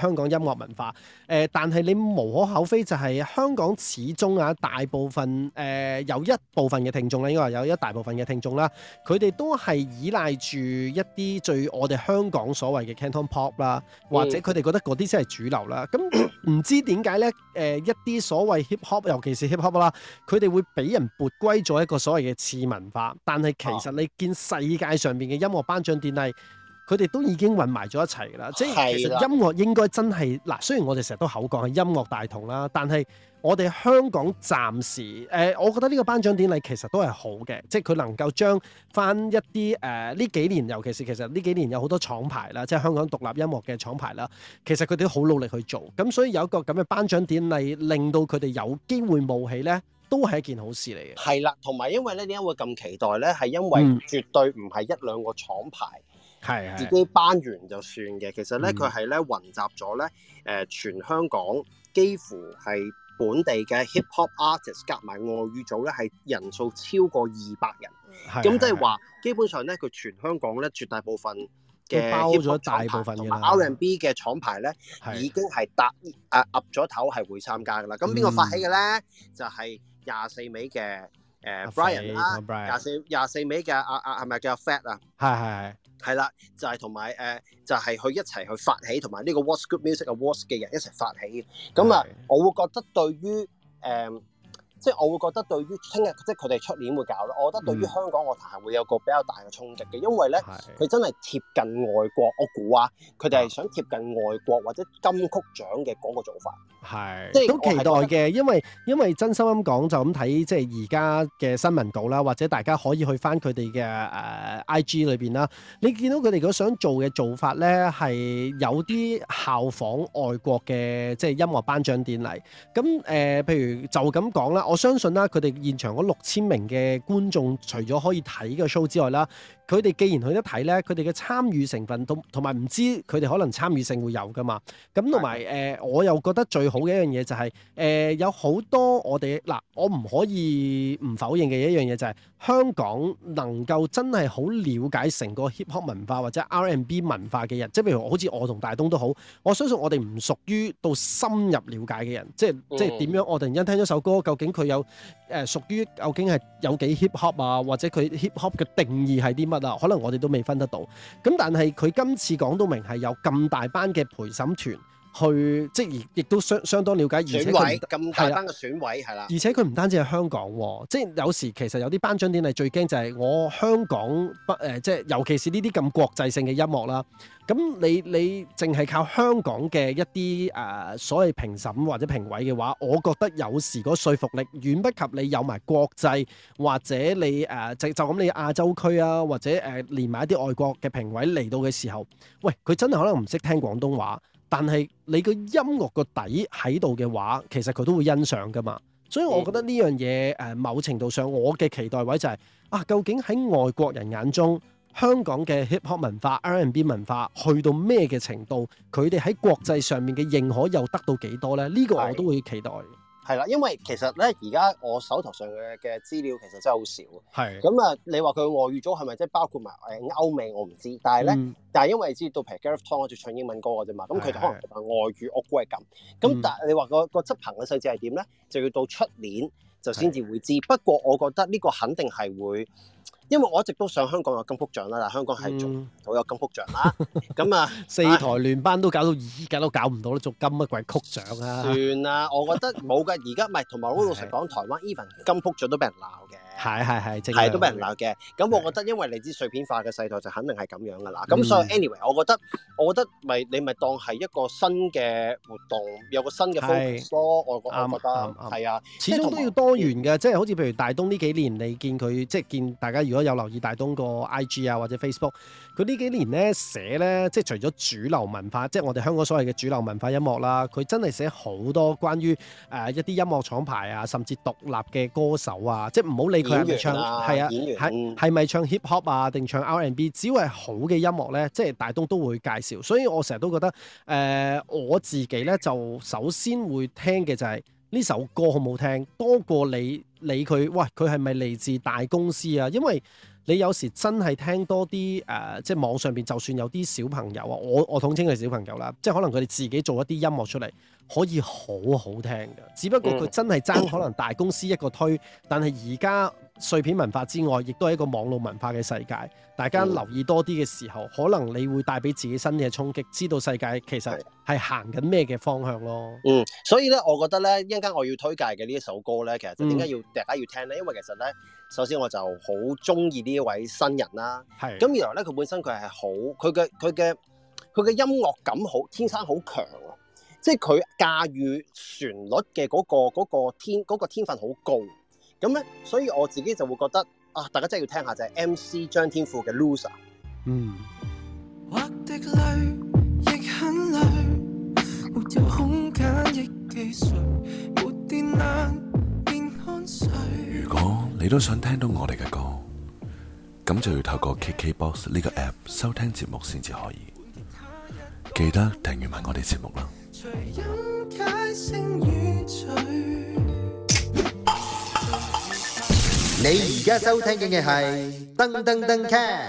香港音樂文化。誒、呃，但係你無可厚非就係香港始終啊，大部分誒、呃、有一部分嘅聽眾啦，應該話有一大部分嘅聽眾啦，佢哋都係依賴住一啲最我哋香港所謂嘅 Canton Pop 啦，或者佢哋覺得嗰啲先係主流啦。咁唔、嗯、知點解咧？誒、呃，一啲所謂 Hip Hop，尤其是 Hip Hop 啦，佢哋會俾人撥歸咗一個所謂嘅次文化。但係其實你見世界上邊嘅。音樂頒獎典禮，佢哋都已經混埋咗一齊啦。的即係其實音樂應該真係嗱，雖然我哋成日都口講係音樂大同啦，但係我哋香港暫時誒、呃，我覺得呢個頒獎典禮其實都係好嘅，即係佢能夠將翻一啲誒呢幾年，尤其是其實呢幾年有好多廠牌啦，即係香港獨立音樂嘅廠牌啦，其實佢哋都好努力去做，咁所以有一個咁嘅頒獎典禮，令到佢哋有機會冒起呢。都係一件好事嚟嘅，係啦，同埋因為咧點解會咁期待咧？係因為絕對唔係一兩個廠牌，係係自己班完就算嘅。其實咧佢係咧雲集咗咧誒全香港幾乎係本地嘅 hip hop artist，夾埋外語組咧係人數超過二百人，咁即係話基本上咧佢全香港咧絕大部分嘅包咗大部分同埋 R and B 嘅廠牌咧的已經係搭啊壓咗頭係會參加噶啦。咁邊個發起嘅咧就係、係。廿四尾嘅誒 Brian 啦，廿四廿四尾嘅阿阿係咪叫 Fat 啊？係係係係啦，就係同埋誒，就係佢一齊去發起，同埋呢個 What's Good Music Awards 嘅人一齊發起，咁啊，是我會覺得對於誒。呃即係我會覺得對於聽日即係佢哋出年會搞咧，我覺得對於香港樂壇係會有個比較大嘅衝擊嘅，因為咧佢真係貼近外國。我估啊，佢哋係想貼近外國或者金曲獎嘅嗰個做法。係，即係都期待嘅，因為因為真心咁講，就咁睇即係而家嘅新聞稿啦，或者大家可以去翻佢哋嘅誒 IG 裏邊啦，你見到佢哋如果想做嘅做法咧，係有啲效仿外國嘅即係音樂頒獎典禮。咁誒，譬如就咁講啦。我相信啦、啊，佢哋現場嗰六千名嘅觀眾除咗可以睇個 show 之外啦，佢哋既然去得睇咧，佢哋嘅參與成分同同埋唔知佢哋可能參與性會有噶嘛。咁同埋誒我又覺得最好嘅一樣嘢就係、是、誒、呃、有好多我哋嗱、呃，我唔可以唔否認嘅一樣嘢就係、是、香港能夠真係好了解成個 hip hop 文化或者 R&B 文化嘅人，即係譬如好似我同大東都好，我相信我哋唔屬於到深入了解嘅人，即係即係點樣我突然間聽一首歌，究竟？佢有誒、呃、屬於究竟係有幾 hip hop 啊，或者佢 hip hop 嘅定義係啲乜啊？可能我哋都未分得到。咁但係佢今次講到明係有咁大班嘅陪審團。去即係亦都相相當了解，而且咁大班嘅選委係啦，啊、而且佢唔單止係香港，啊、即係有時其實有啲頒獎典禮最驚就係我香港不，誒、即、呃、係尤其是呢啲咁國際性嘅音樂啦。咁你你淨係靠香港嘅一啲誒、呃、所謂評審或者評委嘅話，我覺得有時個說服力遠不及你有埋國際，或者你誒、呃、就咁你亞洲區啊，或者誒、呃、連埋一啲外國嘅評委嚟到嘅時候，喂佢真係可能唔識聽廣東話。但係你個音樂個底喺度嘅話，其實佢都會欣賞噶嘛。所以我覺得呢樣嘢誒，某程度上我嘅期待位就係、是、啊，究竟喺外國人眼中，香港嘅 hip hop 文化、R&B 文化去到咩嘅程度，佢哋喺國際上面嘅認可又得到幾多呢？呢、呢個我都會期待。係啦，因為其實咧，而家我手頭上嘅嘅資料其實真係好少。係咁啊，你話佢外語組係咪即係包括埋誒、呃、歐美？我唔知。但係咧，嗯、但係因為知道譬如 Gareth Tong 我哋唱英文歌嘅啫嘛，咁佢的、嗯嗯、就可能同埋外語我估係咁。咁、嗯嗯、但係你話、那個個執行嘅細節係點咧？就要到出年就先至會知。的不過我覺得呢個肯定係會。因為我一直都想香港有金曲獎啦，嗱香港係做唔到有金曲獎啦，咁啊四台聯班都搞到而家都搞唔到啦，做金乜鬼曲獎啊？算啦，我覺得冇噶，而家咪同埋好老實講是的 台灣 even 金曲獎都俾人鬧嘅。係係係，係都俾人鬧嘅。咁的我覺得，因為你知碎片化嘅世代就肯定係咁樣噶啦。咁、嗯、所以 anyway，我覺得我覺得咪你咪當係一個新嘅活動，有個新嘅方式咯。外國的我覺得係啊，始終都要多元嘅。嗯、即係好似譬如大東呢幾年，你見佢即係見大家如果有留意大東個 IG 啊或者 Facebook，佢呢幾年咧寫咧，即係除咗主流文化，即係我哋香港所謂嘅主流文化音樂啦，佢真係寫好多關於誒一啲音樂廠牌啊，甚至獨立嘅歌手啊，即係唔好理。佢係咪唱？係啊，係係咪唱 hip hop 啊？定唱 R&B？只要係好嘅音樂咧，即係大東都會介紹。所以我成日都覺得，誒我自己咧就首先會聽嘅就係呢首歌好唔好聽，多過你理佢。喂，佢係咪嚟自大公司啊？因為你有時真係聽多啲誒、呃，即係網上邊，就算有啲小朋友啊，我我統稱佢係小朋友啦，即係可能佢哋自己做一啲音樂出嚟，可以好好聽嘅。只不過佢真係爭可能大公司一個推，但係而家碎片文化之外，亦都係一個網絡文化嘅世界。大家留意多啲嘅時候，可能你會帶俾自己新嘅衝擊，知道世界其實係行緊咩嘅方向咯。嗯，所以咧，我覺得咧，一陣間我要推介嘅呢一首歌咧，其實點解要、嗯、大家要聽咧？因為其實咧。首先我就好中意呢一位新人啦，啊，咁的原來咧佢本身佢係好，佢嘅佢嘅佢嘅音樂感好，天生好強啊。即係佢駕馭旋律嘅嗰個天嗰、嗰個、天分好高，咁咧，所以我自己就會覺得啊，大家真係要聽下就係 MC 張天賦嘅 Loser。我的淚亦很累，空 <music> 如果你都想聽到我哋嘅歌，咁就要透過 KKBOX 呢個 App 收聽節目先至可以。記得訂閱埋我哋節目啦！嗯、 <noise> 你而家收聽嘅係噔噔噔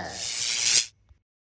c